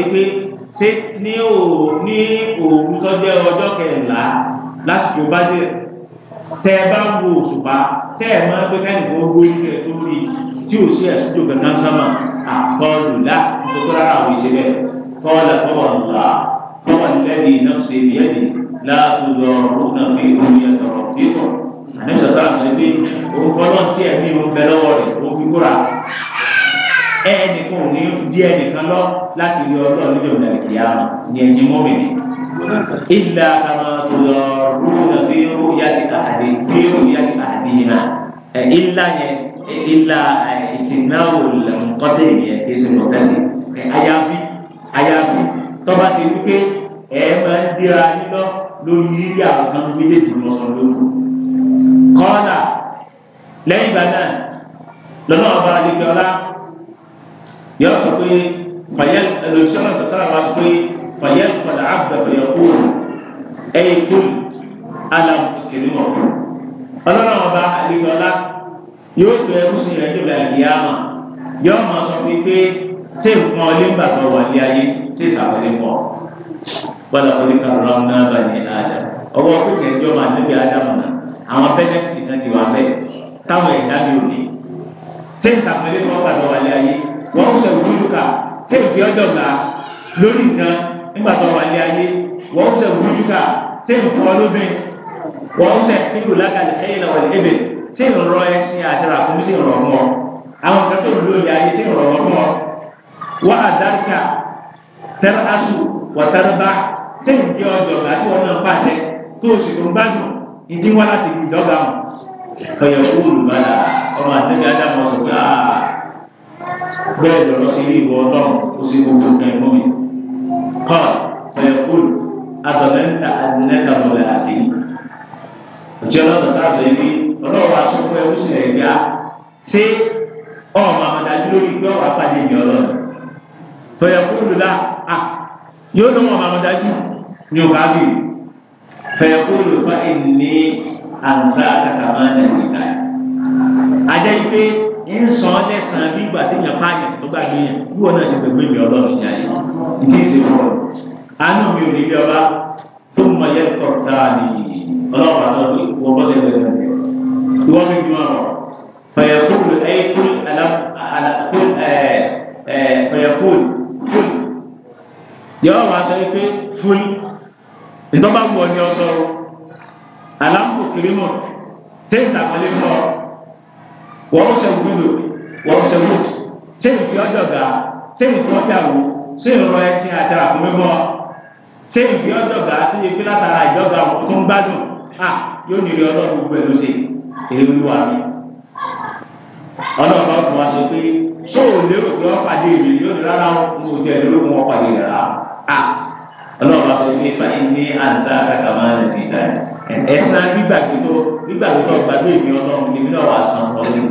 yìí pé ṣé ní òru tó jẹ́ ọjọ́ kẹrìnlá lásìkò bá dé tẹ́ bá ń wo òṣùpá ṣé ẹ̀ máa ń tí ò sí ẹ̀sùn tó kankan sámà àkọọ́lù lá nítorí rárá àwọn ìṣe bẹ́ẹ̀ kọ́ọ̀lá kọ́wà ńlá kọ́wà lẹ́bi nọ́ọ̀sì ìyẹ́dì láàbùdọ̀ ọ̀rùn náà fi omi ẹ̀tọ̀rọ̀ bíbọ̀ àníṣà sáà ṣe pé òun kọ́ náà tí ẹ̀mí òun bẹ lọ́wọ́ rẹ̀ ó fi kúrà ẹnìkan ò ní di ẹnìkan lọ láti rí ọlọ́ọ̀ nílò ìdàgbìyà ní ẹni mọ́mìnì ìlà àmà tòlọ̀ọ̀rùn náà fi rú yàtì àdé fi rú yàtì àdé náà ìlà yẹn ìlà ìsìnáwó lẹ́nkọ́tẹ̀ yẹn kí ẹsẹ̀ lọ́tẹ̀sì àyàfi àyàfi tọ́ba ti wí pé ẹ máa ń dira nílọ lórí rírí àwọn kan méjèèjì lọ́sọ̀ lóko kọ́ńtà lẹ́yìn ìgbà náà lọ́nà ọba adékọ́lá yọ sọ pé fàyẹ́lì ẹlòmíṣọ́nà sọ̀sọ́nà wa yóò tó ẹrú sí rẹ̀ kébìlà ìyáàmà yóò máa sọ pé pé ṣé nǹkan ọlẹ́gbà tó wà ní ayé ṣé ìsàwọ̀lẹ́ pọ̀ gbọ́dọ̀ oríkà rán náà bá ní àdá ọwọ́ kókè ẹjọ́ máa níbi ádámù náà àwọn bẹ́nẹ́fìtì kan ti wà bẹ́ẹ̀ táwọn ẹ̀dá mi ò ní ṣé ìsàwọ̀lẹ́ pọ̀ gbà tó wà ní ayé wọ́n ń sọ̀rọ̀ wíwúkà ṣé ìfi ọjọ́ gbà lórí nǹkan nígbà tó wà ní ayé wọ́n ń sọ̀rọ̀ wíwúkà sí ìrọ̀ ẹṣin àṣàrà fún sí ìrọ̀ fún ọ àwọn kan tó lò yà ayé sí ìrọ̀ fún ọ wà á dárúkà tẹ́lẹ̀ aṣù wọ̀tẹ́lẹ̀ bá sí ìjẹ́ ọjọ́gà tí wọ́n náà pàṣẹ tó o sì tó ń gbádùn ìdí wá láti fi ìjọba mọ̀ ọ̀yẹ̀ kúrò lùbàdà ọmọ àtẹ́gà dáhùn ọ̀sọ̀ pé bẹ́ẹ̀ lọ́rọ́ ọlọ́wọ́ aṣọ fún ẹ ó sì rẹ̀ gbá ṣé ọmọ àmàdájú lórí pé ọwọ́ apàdé ìyọ̀ ọlọ́run tọ́yà kúrò lá à yóò lọ́wọ́ ọmọ àmàdájú ní ọ̀gá bì fẹ̀yà kúrò fa ìní àzá àkàmá ẹ̀sìn ká ajẹ́ pé ń sọ ọ́ lẹ́sàn-án bí ìgbà tí yàn pààyàn tó gbàgbé yàn bí wọn náà ṣe pé gbé mi ọlọ́run tó mọ̀ yẹ kọ̀ọ̀tà ni ọlọ́run àtọ́jú يوم الجمعة فيقول أي كل ألم كل فيقول فل يوم عشان فل ntọ́ba bu ọ̀ni ألم alambo kìrìmọ̀ sẹ́yìn sàkọlẹ̀ mọ̀ wọ́n sẹ́ wúlò wọ́n sẹ́ wúlò sẹ́yìn fi ọjọ́ ga sẹ́yìn fi ọjà wò sẹ́yìn rọ ẹsẹ̀ àtàrà fún mímọ́ sẹ́yìn fi ọjọ́ ga sẹ́yìn fi látara ìjọba tó ń gbádùn à yóò nílò ọlọ́run gbogbo ẹ̀ ló ṣe ewu wa mi ọlọ́run ọ̀tún wa sọ pé o lérò pé wọ́n pàdé mi lónìí rárá mo ò tiẹ̀ lérò pé wọ́n pàdé mi rárá a ọlọ́run wa sọ pé fa ní àzá kàkà máa ń ti dà ẹ̀sán gbígbàgbé tó gbígbàgbé tó gbàgbé mi ọlọ́run mi náà wà sàn ọlọ́run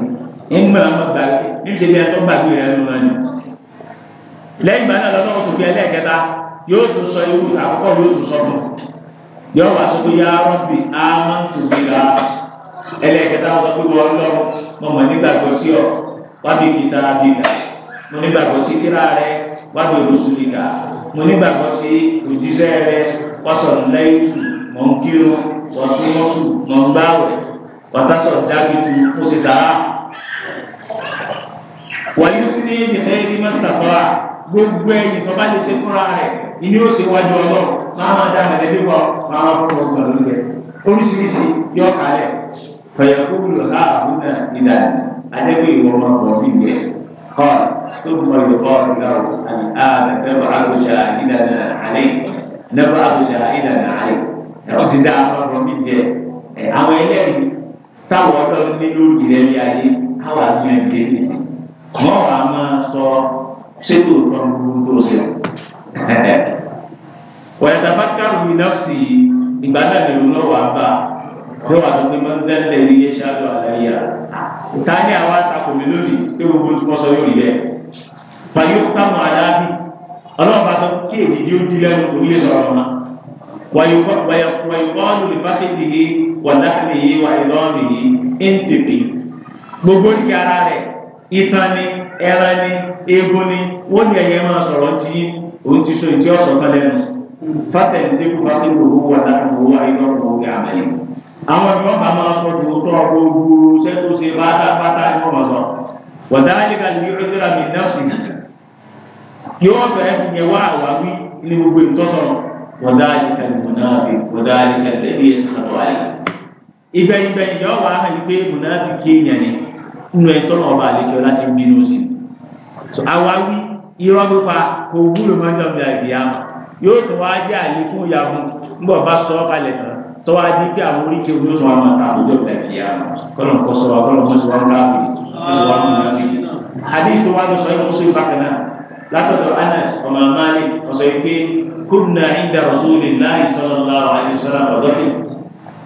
nígbà wọn gbàgbé níṣẹ́ bí ẹtọ́ gbàgbé rẹ ló rẹ ni lẹ́yìn ìgbà náà lọ́wọ́ tó fi ẹlẹ́ẹ̀kẹta yóò tún sọ ewu àkọ́kọ́ yóò tún sọ fún yọ wá sọ pé yá rọ́bì á máa ń tòbi rárá ẹlẹ́kẹta wọn sọ pé wọ́n lọ mọ mọ nígbàgbọ́ sí ọ wábí kìtà bìkà mo nígbàgbọ́ sí kíra rẹ wábí olùsù bìkà mo nígbàgbọ́ sí òjíṣẹ́ rẹ wọ́sọ̀ lẹ́yìn mọ̀ ń kírun wọ́súnmọ́tù mọ̀ ń gbáwẹ̀ wàtásọ̀ dábìtù mo sì sàrà. wàyí fún ní ìfẹ́ ní mọ́tàkọ́ra gbogbo ẹ̀yìn tó bá lè ṣe fúnra rẹ̀ ìní ó ṣe wájú ọlọ́run máa máa dá mẹ̀lẹ́bí wọ máa máa fọwọ́ gbọ̀n lórí oríṣiríṣi yọ kálẹ̀. فيقول ها هنا إذا أدبي ومرضي قال ثم يقال له الآن نبعث شاهدنا عليك نبعث شاهدنا عليك رب دعوة ربي àwọn ẹlẹ́rìí táwọn ọlọ́run ní lórí ìrẹ́lẹ̀ ayé káwá ní ẹgbẹ́ ìsìn kọ́ wa máa sọ ṣètò ìtọ́nu tó ṣe. wọ́n ẹ̀ta bá kárùn-ún náà sí ìgbà náà lè lọ́wọ́ àbá yóò wá sọ pé máa ń tẹ́lẹ̀ ní iye ṣáájú àlàyé rà ta ni àwa takòmí lónìí pé gbogbo olùkọ́ sọ yóò rí bẹ́ẹ̀ fàyè táwọn adáàbí ọlọ́run bá sọ kí èdè yóò di lẹ́nu kò ní lè sọ̀rọ̀ ọ̀nà wàyùkọ́ọ̀nù lè fásitì nìyí wà láti nìyí wà ìlọ́ọ̀nù yìí ń tètè gbogbo ní ara rẹ̀ ìtàn ni ẹran ni egbò ni wọ́n ní ẹ̀yẹ máa sọ̀rọ̀ ti òun ti so ìtí ọ̀sán kan lẹ́nu fátẹ̀ ní tẹ́kù fásitì òwú wà láti òwú àyíkọ́ òwú ní àmàlẹ́ àwọn ìwọ́n bá máa sọ ju tọ́ gbogbo sẹ́tò ṣe pátápátá ní wọ́n sọ wọ̀dá nígbà ní ọjọ́ra mi nọ́ọ̀sì yóò bẹ̀rẹ̀ fi yẹ wá àwà wí ní gbogbo ìtọ́sọ̀rọ̀ wọ̀dá nígbà ní mọ̀nàfì wọ̀dá nígbà lẹ́bi ẹ̀sìn kàtọ́ àyè ibẹ̀ ibẹ̀ ìjọ wà á hàn pé mọ̀nàfì kí èèyàn ni nínú ẹ̀tọ́ náà ọba àlejò láti bínú sí àwa wí irọ́ pípa kò wúlò mọ́jọ́ bí i àìdíyàmọ̀ yóò tún wá jẹ́ àlékún ìyàwó ń bọ̀ bá sọ ọ́ kalẹ̀ tán tọ́wá di pé àwọn oríkè omi ọ̀tún àwọn ọ̀tá àwùjọ ìlà ìyá kọ́lọ̀ kọ́ sọ́wọ́ kọ́lọ̀ mọ́ sí wọn láàbì sí wọn múná bí. àdéhùn wa ló sọ yìí kó sí bákan náà látọ̀dọ̀ anas ọmọ amáli ọ̀sọ̀ yìí pé kúnnà ìdá rọ̀súlì láì sọ̀rọ̀ láwà àyè sọ̀rọ̀ àbọ̀dọ́fẹ̀.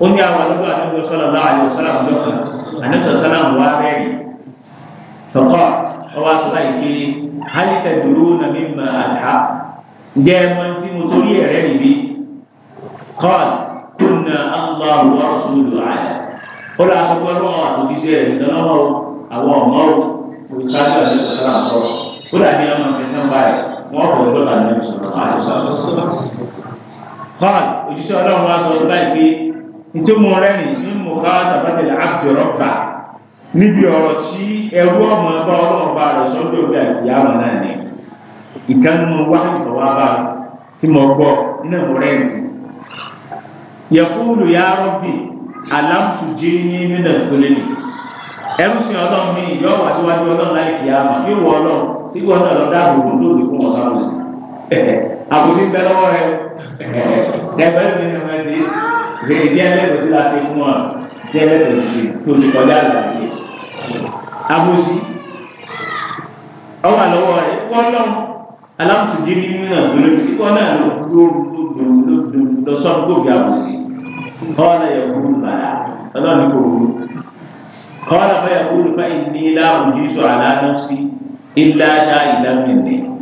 ó ní àwọn àdúgbò àdúgbò sọ̀rọ̀ láwà àyè sọ̀rọ̀ hunna allah wa rasuluhu ala kódà àkọ́kọ́ ẹ̀rọ àwọn àtòjíṣẹ́ rẹ̀ ìdánáwó àwọn ọ̀mọ́ olùsáájú àti sọ̀tàrà sọ̀rọ̀ kódà ní ọmọ kẹta báyìí wọ́n kọ̀ lọ́dọ̀ àti sọ̀rọ̀ kọ́ọ̀lù òjíṣẹ́ ọlọ́run wa sọ báyìí pé ntí mo rẹ́ ni ní mo ká tàbátẹ̀lẹ̀ àbùtẹ̀ rọ́bà níbi ọ̀rọ̀ tí ẹrú ọmọ ẹgbẹ́ ọlọ́run bá rẹ̀ sọ́dọ̀ bí àti yàrá náà ni ìkànnì wá ìtọ́wá bá tí mo gbọ́ nínú mo rẹ́ yakulu ya rọbì alamtujini nínú ìpínlẹ̀ na ẹrú sí ọlọ́run mi yọ wá síwájú ọlọ́run láì kí á mà wọ ọlọ́run tí wọn náà lọ dáàbò bò tó lè fún bẹ rẹ [LAUGHS] mi ni wọn ti sí láti fún sí tó kọjá àlọwọ rẹ wọn alámùtúndé nínú náà lórí tí wọn náà lọ lóògùn lọ sọ́dún gòkè àbòsí kọ́ọ̀lá yẹ kúrú láyà ọlọ́ọ̀ni kò wú kọ́ọ̀lá bá yẹ kúrú bá yìí ní ilá òjísọ àlànà sí ilá aṣá ìlà mìíràn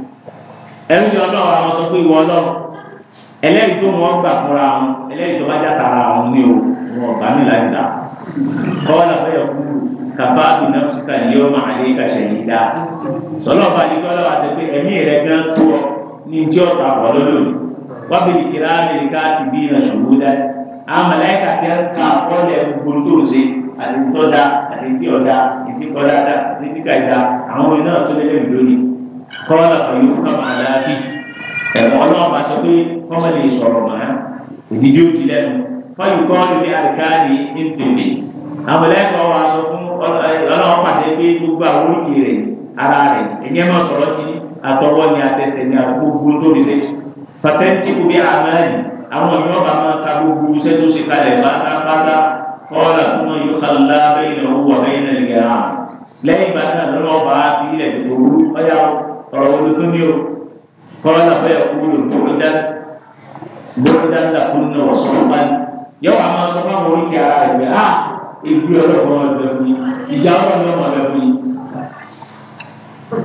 ẹ̀rú ti ọlọ́run àwọn sọ pé ìwọ ọlọ́run ẹlẹ́yìí tó wọn gbà fúnra wọn ẹlẹ́yìí tó bá já tara wọn ní o wọn ọ̀gá mi láti dà kọ́ọ̀lá bá yẹ kúrú kàfáàbì sọlọ́ bá di gbọ́dọ̀ wá sí pé ẹ̀mí rẹ̀ gan tó ọ ní tí ó ta pọ̀ lọ́dọ̀ wọ́n bí kìlá amẹ́ríkà ti bí iná ṣòwò dá amẹ́láìkà ti ń ka ọ̀lẹ̀ gbogbo tó ṣe àti tó da àti tí ọ̀dà ìdí kọ́ dáadáa àti tí kàìdá àwọn iná tó lé lẹ́yìn lónìí kọ́lá ọ̀yọ́ fún ọmọ àdáàbí ẹ̀rọ ọlọ́run bá sọ pé kọ́mọ lè sọ̀rọ̀ màá ìdíjú ti lẹ́nu fọ́yìn kọ́ ilé àríkáàdì ní tèmi amẹ́láìkà wà sọ fún ọlọ́run pàṣẹ pé gbogbo àwọn oríkì rẹ̀ ara rẹ̀ ẹ̀yẹ́ ma sọ̀rọ̀ tí àtọwọ́ ni àtẹsẹ̀ ni àgbogbo tó fi ṣe pàtẹ́ntì kò bí àmàlì àwọn ìyọ́ bá máa ka gbogbo iṣẹ́ tó ṣe kalẹ̀ pátápátá kọ́ọ̀lá tó máa yọ kàlá bẹ́yìn náà wọ̀ bẹ́yìn náà lè ra lẹ́yìn ìgbà náà lọ́wọ́ bá a ti ilẹ̀ tó wú ọ̀yà ọ̀rọ̀ wo tó ní o kọ́ọ̀lá fẹ́ kúrò lòdà lòdà làkúrò náà sọ̀rọ̀ báyìí yọ̀wọ̀ àwọn sọ fún àwọn oríkèé ara rẹ̀ bẹ́ẹ̀ ah ebi ọlọ́run ọ̀dọ́ fún yìí ìjà ọlọ́run ọ̀dọ́ fún yìí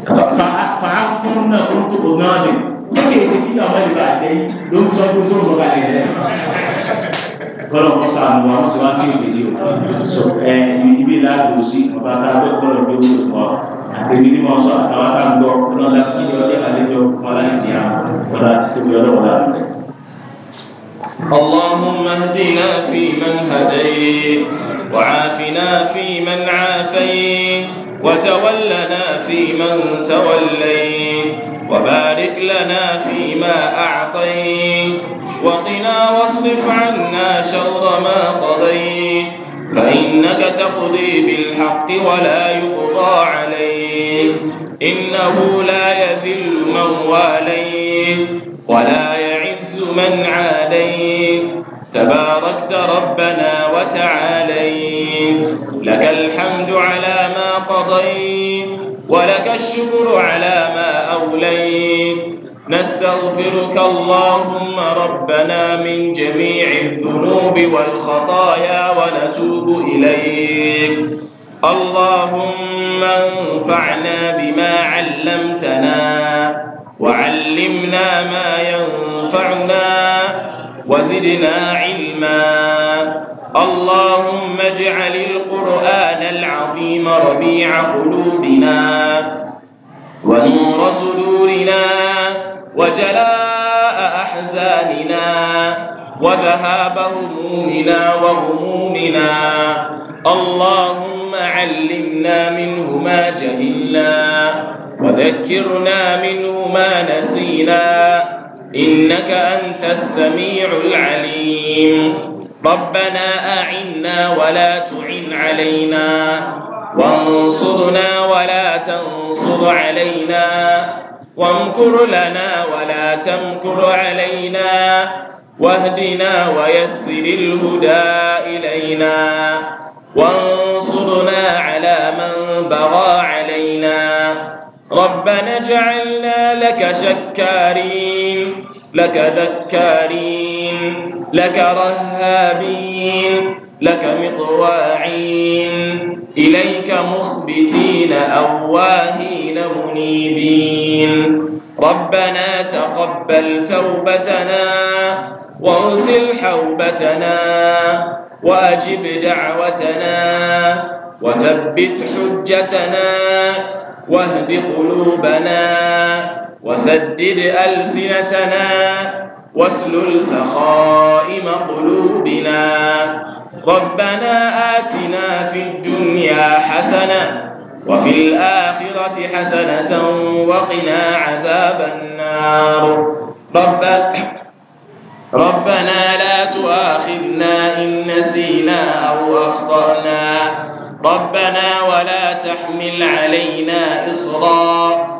fàákùn náà ó ń tó kò náà nì ṣé kìí ṣe kí àwọn ìgbà àtẹyìn ló ń sọ pé tó ń bọ̀ balẹ̀ rẹ̀ kọlọ̀ kọ́ sàánú wa wọ́n ti wá ní ìgbèlè o sọ ẹ ibi láàbò sí ọba tá a bẹ kọlọ̀ bí wọ́n sọ àtẹ̀mí ni wọ́n sọ àtàwọn tá a ń gbọ́ ọlọ́dà kí ni ọdẹ àlejò ọmọlá ìdíyà ọ̀dà àti tóbi ọlọ́wọ́lá rẹ̀. اللهم اهدنا فيمن هديت وعافنا فيمن عافيت وتولنا فيمن توليت وبارك لنا فيما أعطيت وقنا واصرف عنا شر ما قضيت فإنك تقضي بالحق ولا يقضى عليك إنه لا يذل من واليت ولا يعز من عاديت تباركت ربنا وتعاليت لك الحمد على ما قضيت ولك الشكر على ما أوليت نستغفرك اللهم ربنا من جميع الذنوب والخطايا ونتوب إليك اللهم انفعنا بما علمتنا وعلمنا ما ينفعنا وزدنا علما اللهم اجعل القرآن العظيم ربيع قلوبنا ونور صدورنا وجلاء أحزاننا وذهاب همومنا وغمومنا اللهم علمنا منه ما جهلنا وذكرنا منه ما نسينا إنك أنت السميع العليم ربنا أعنا ولا تعن علينا وانصرنا ولا تنصر علينا وامكر لنا ولا تمكر علينا واهدنا ويسر الهدى إلينا وانصرنا على من بغى علينا ربنا اجعلنا لك شكارين لك ذكارين لك رهابين لك مطواعين إليك مخبتين أواهين منيبين ربنا تقبل توبتنا وارسل حوبتنا وأجب دعوتنا وثبت حجتنا واهد قلوبنا وسدد ألسنتنا واسلل سخائم قلوبنا ربنا آتنا في الدنيا حسنة وفي الآخرة حسنة وقنا عذاب النار رب ربنا لا تؤاخذنا إن نسينا أو أخطأنا ربنا ولا تحمل علينا إصرا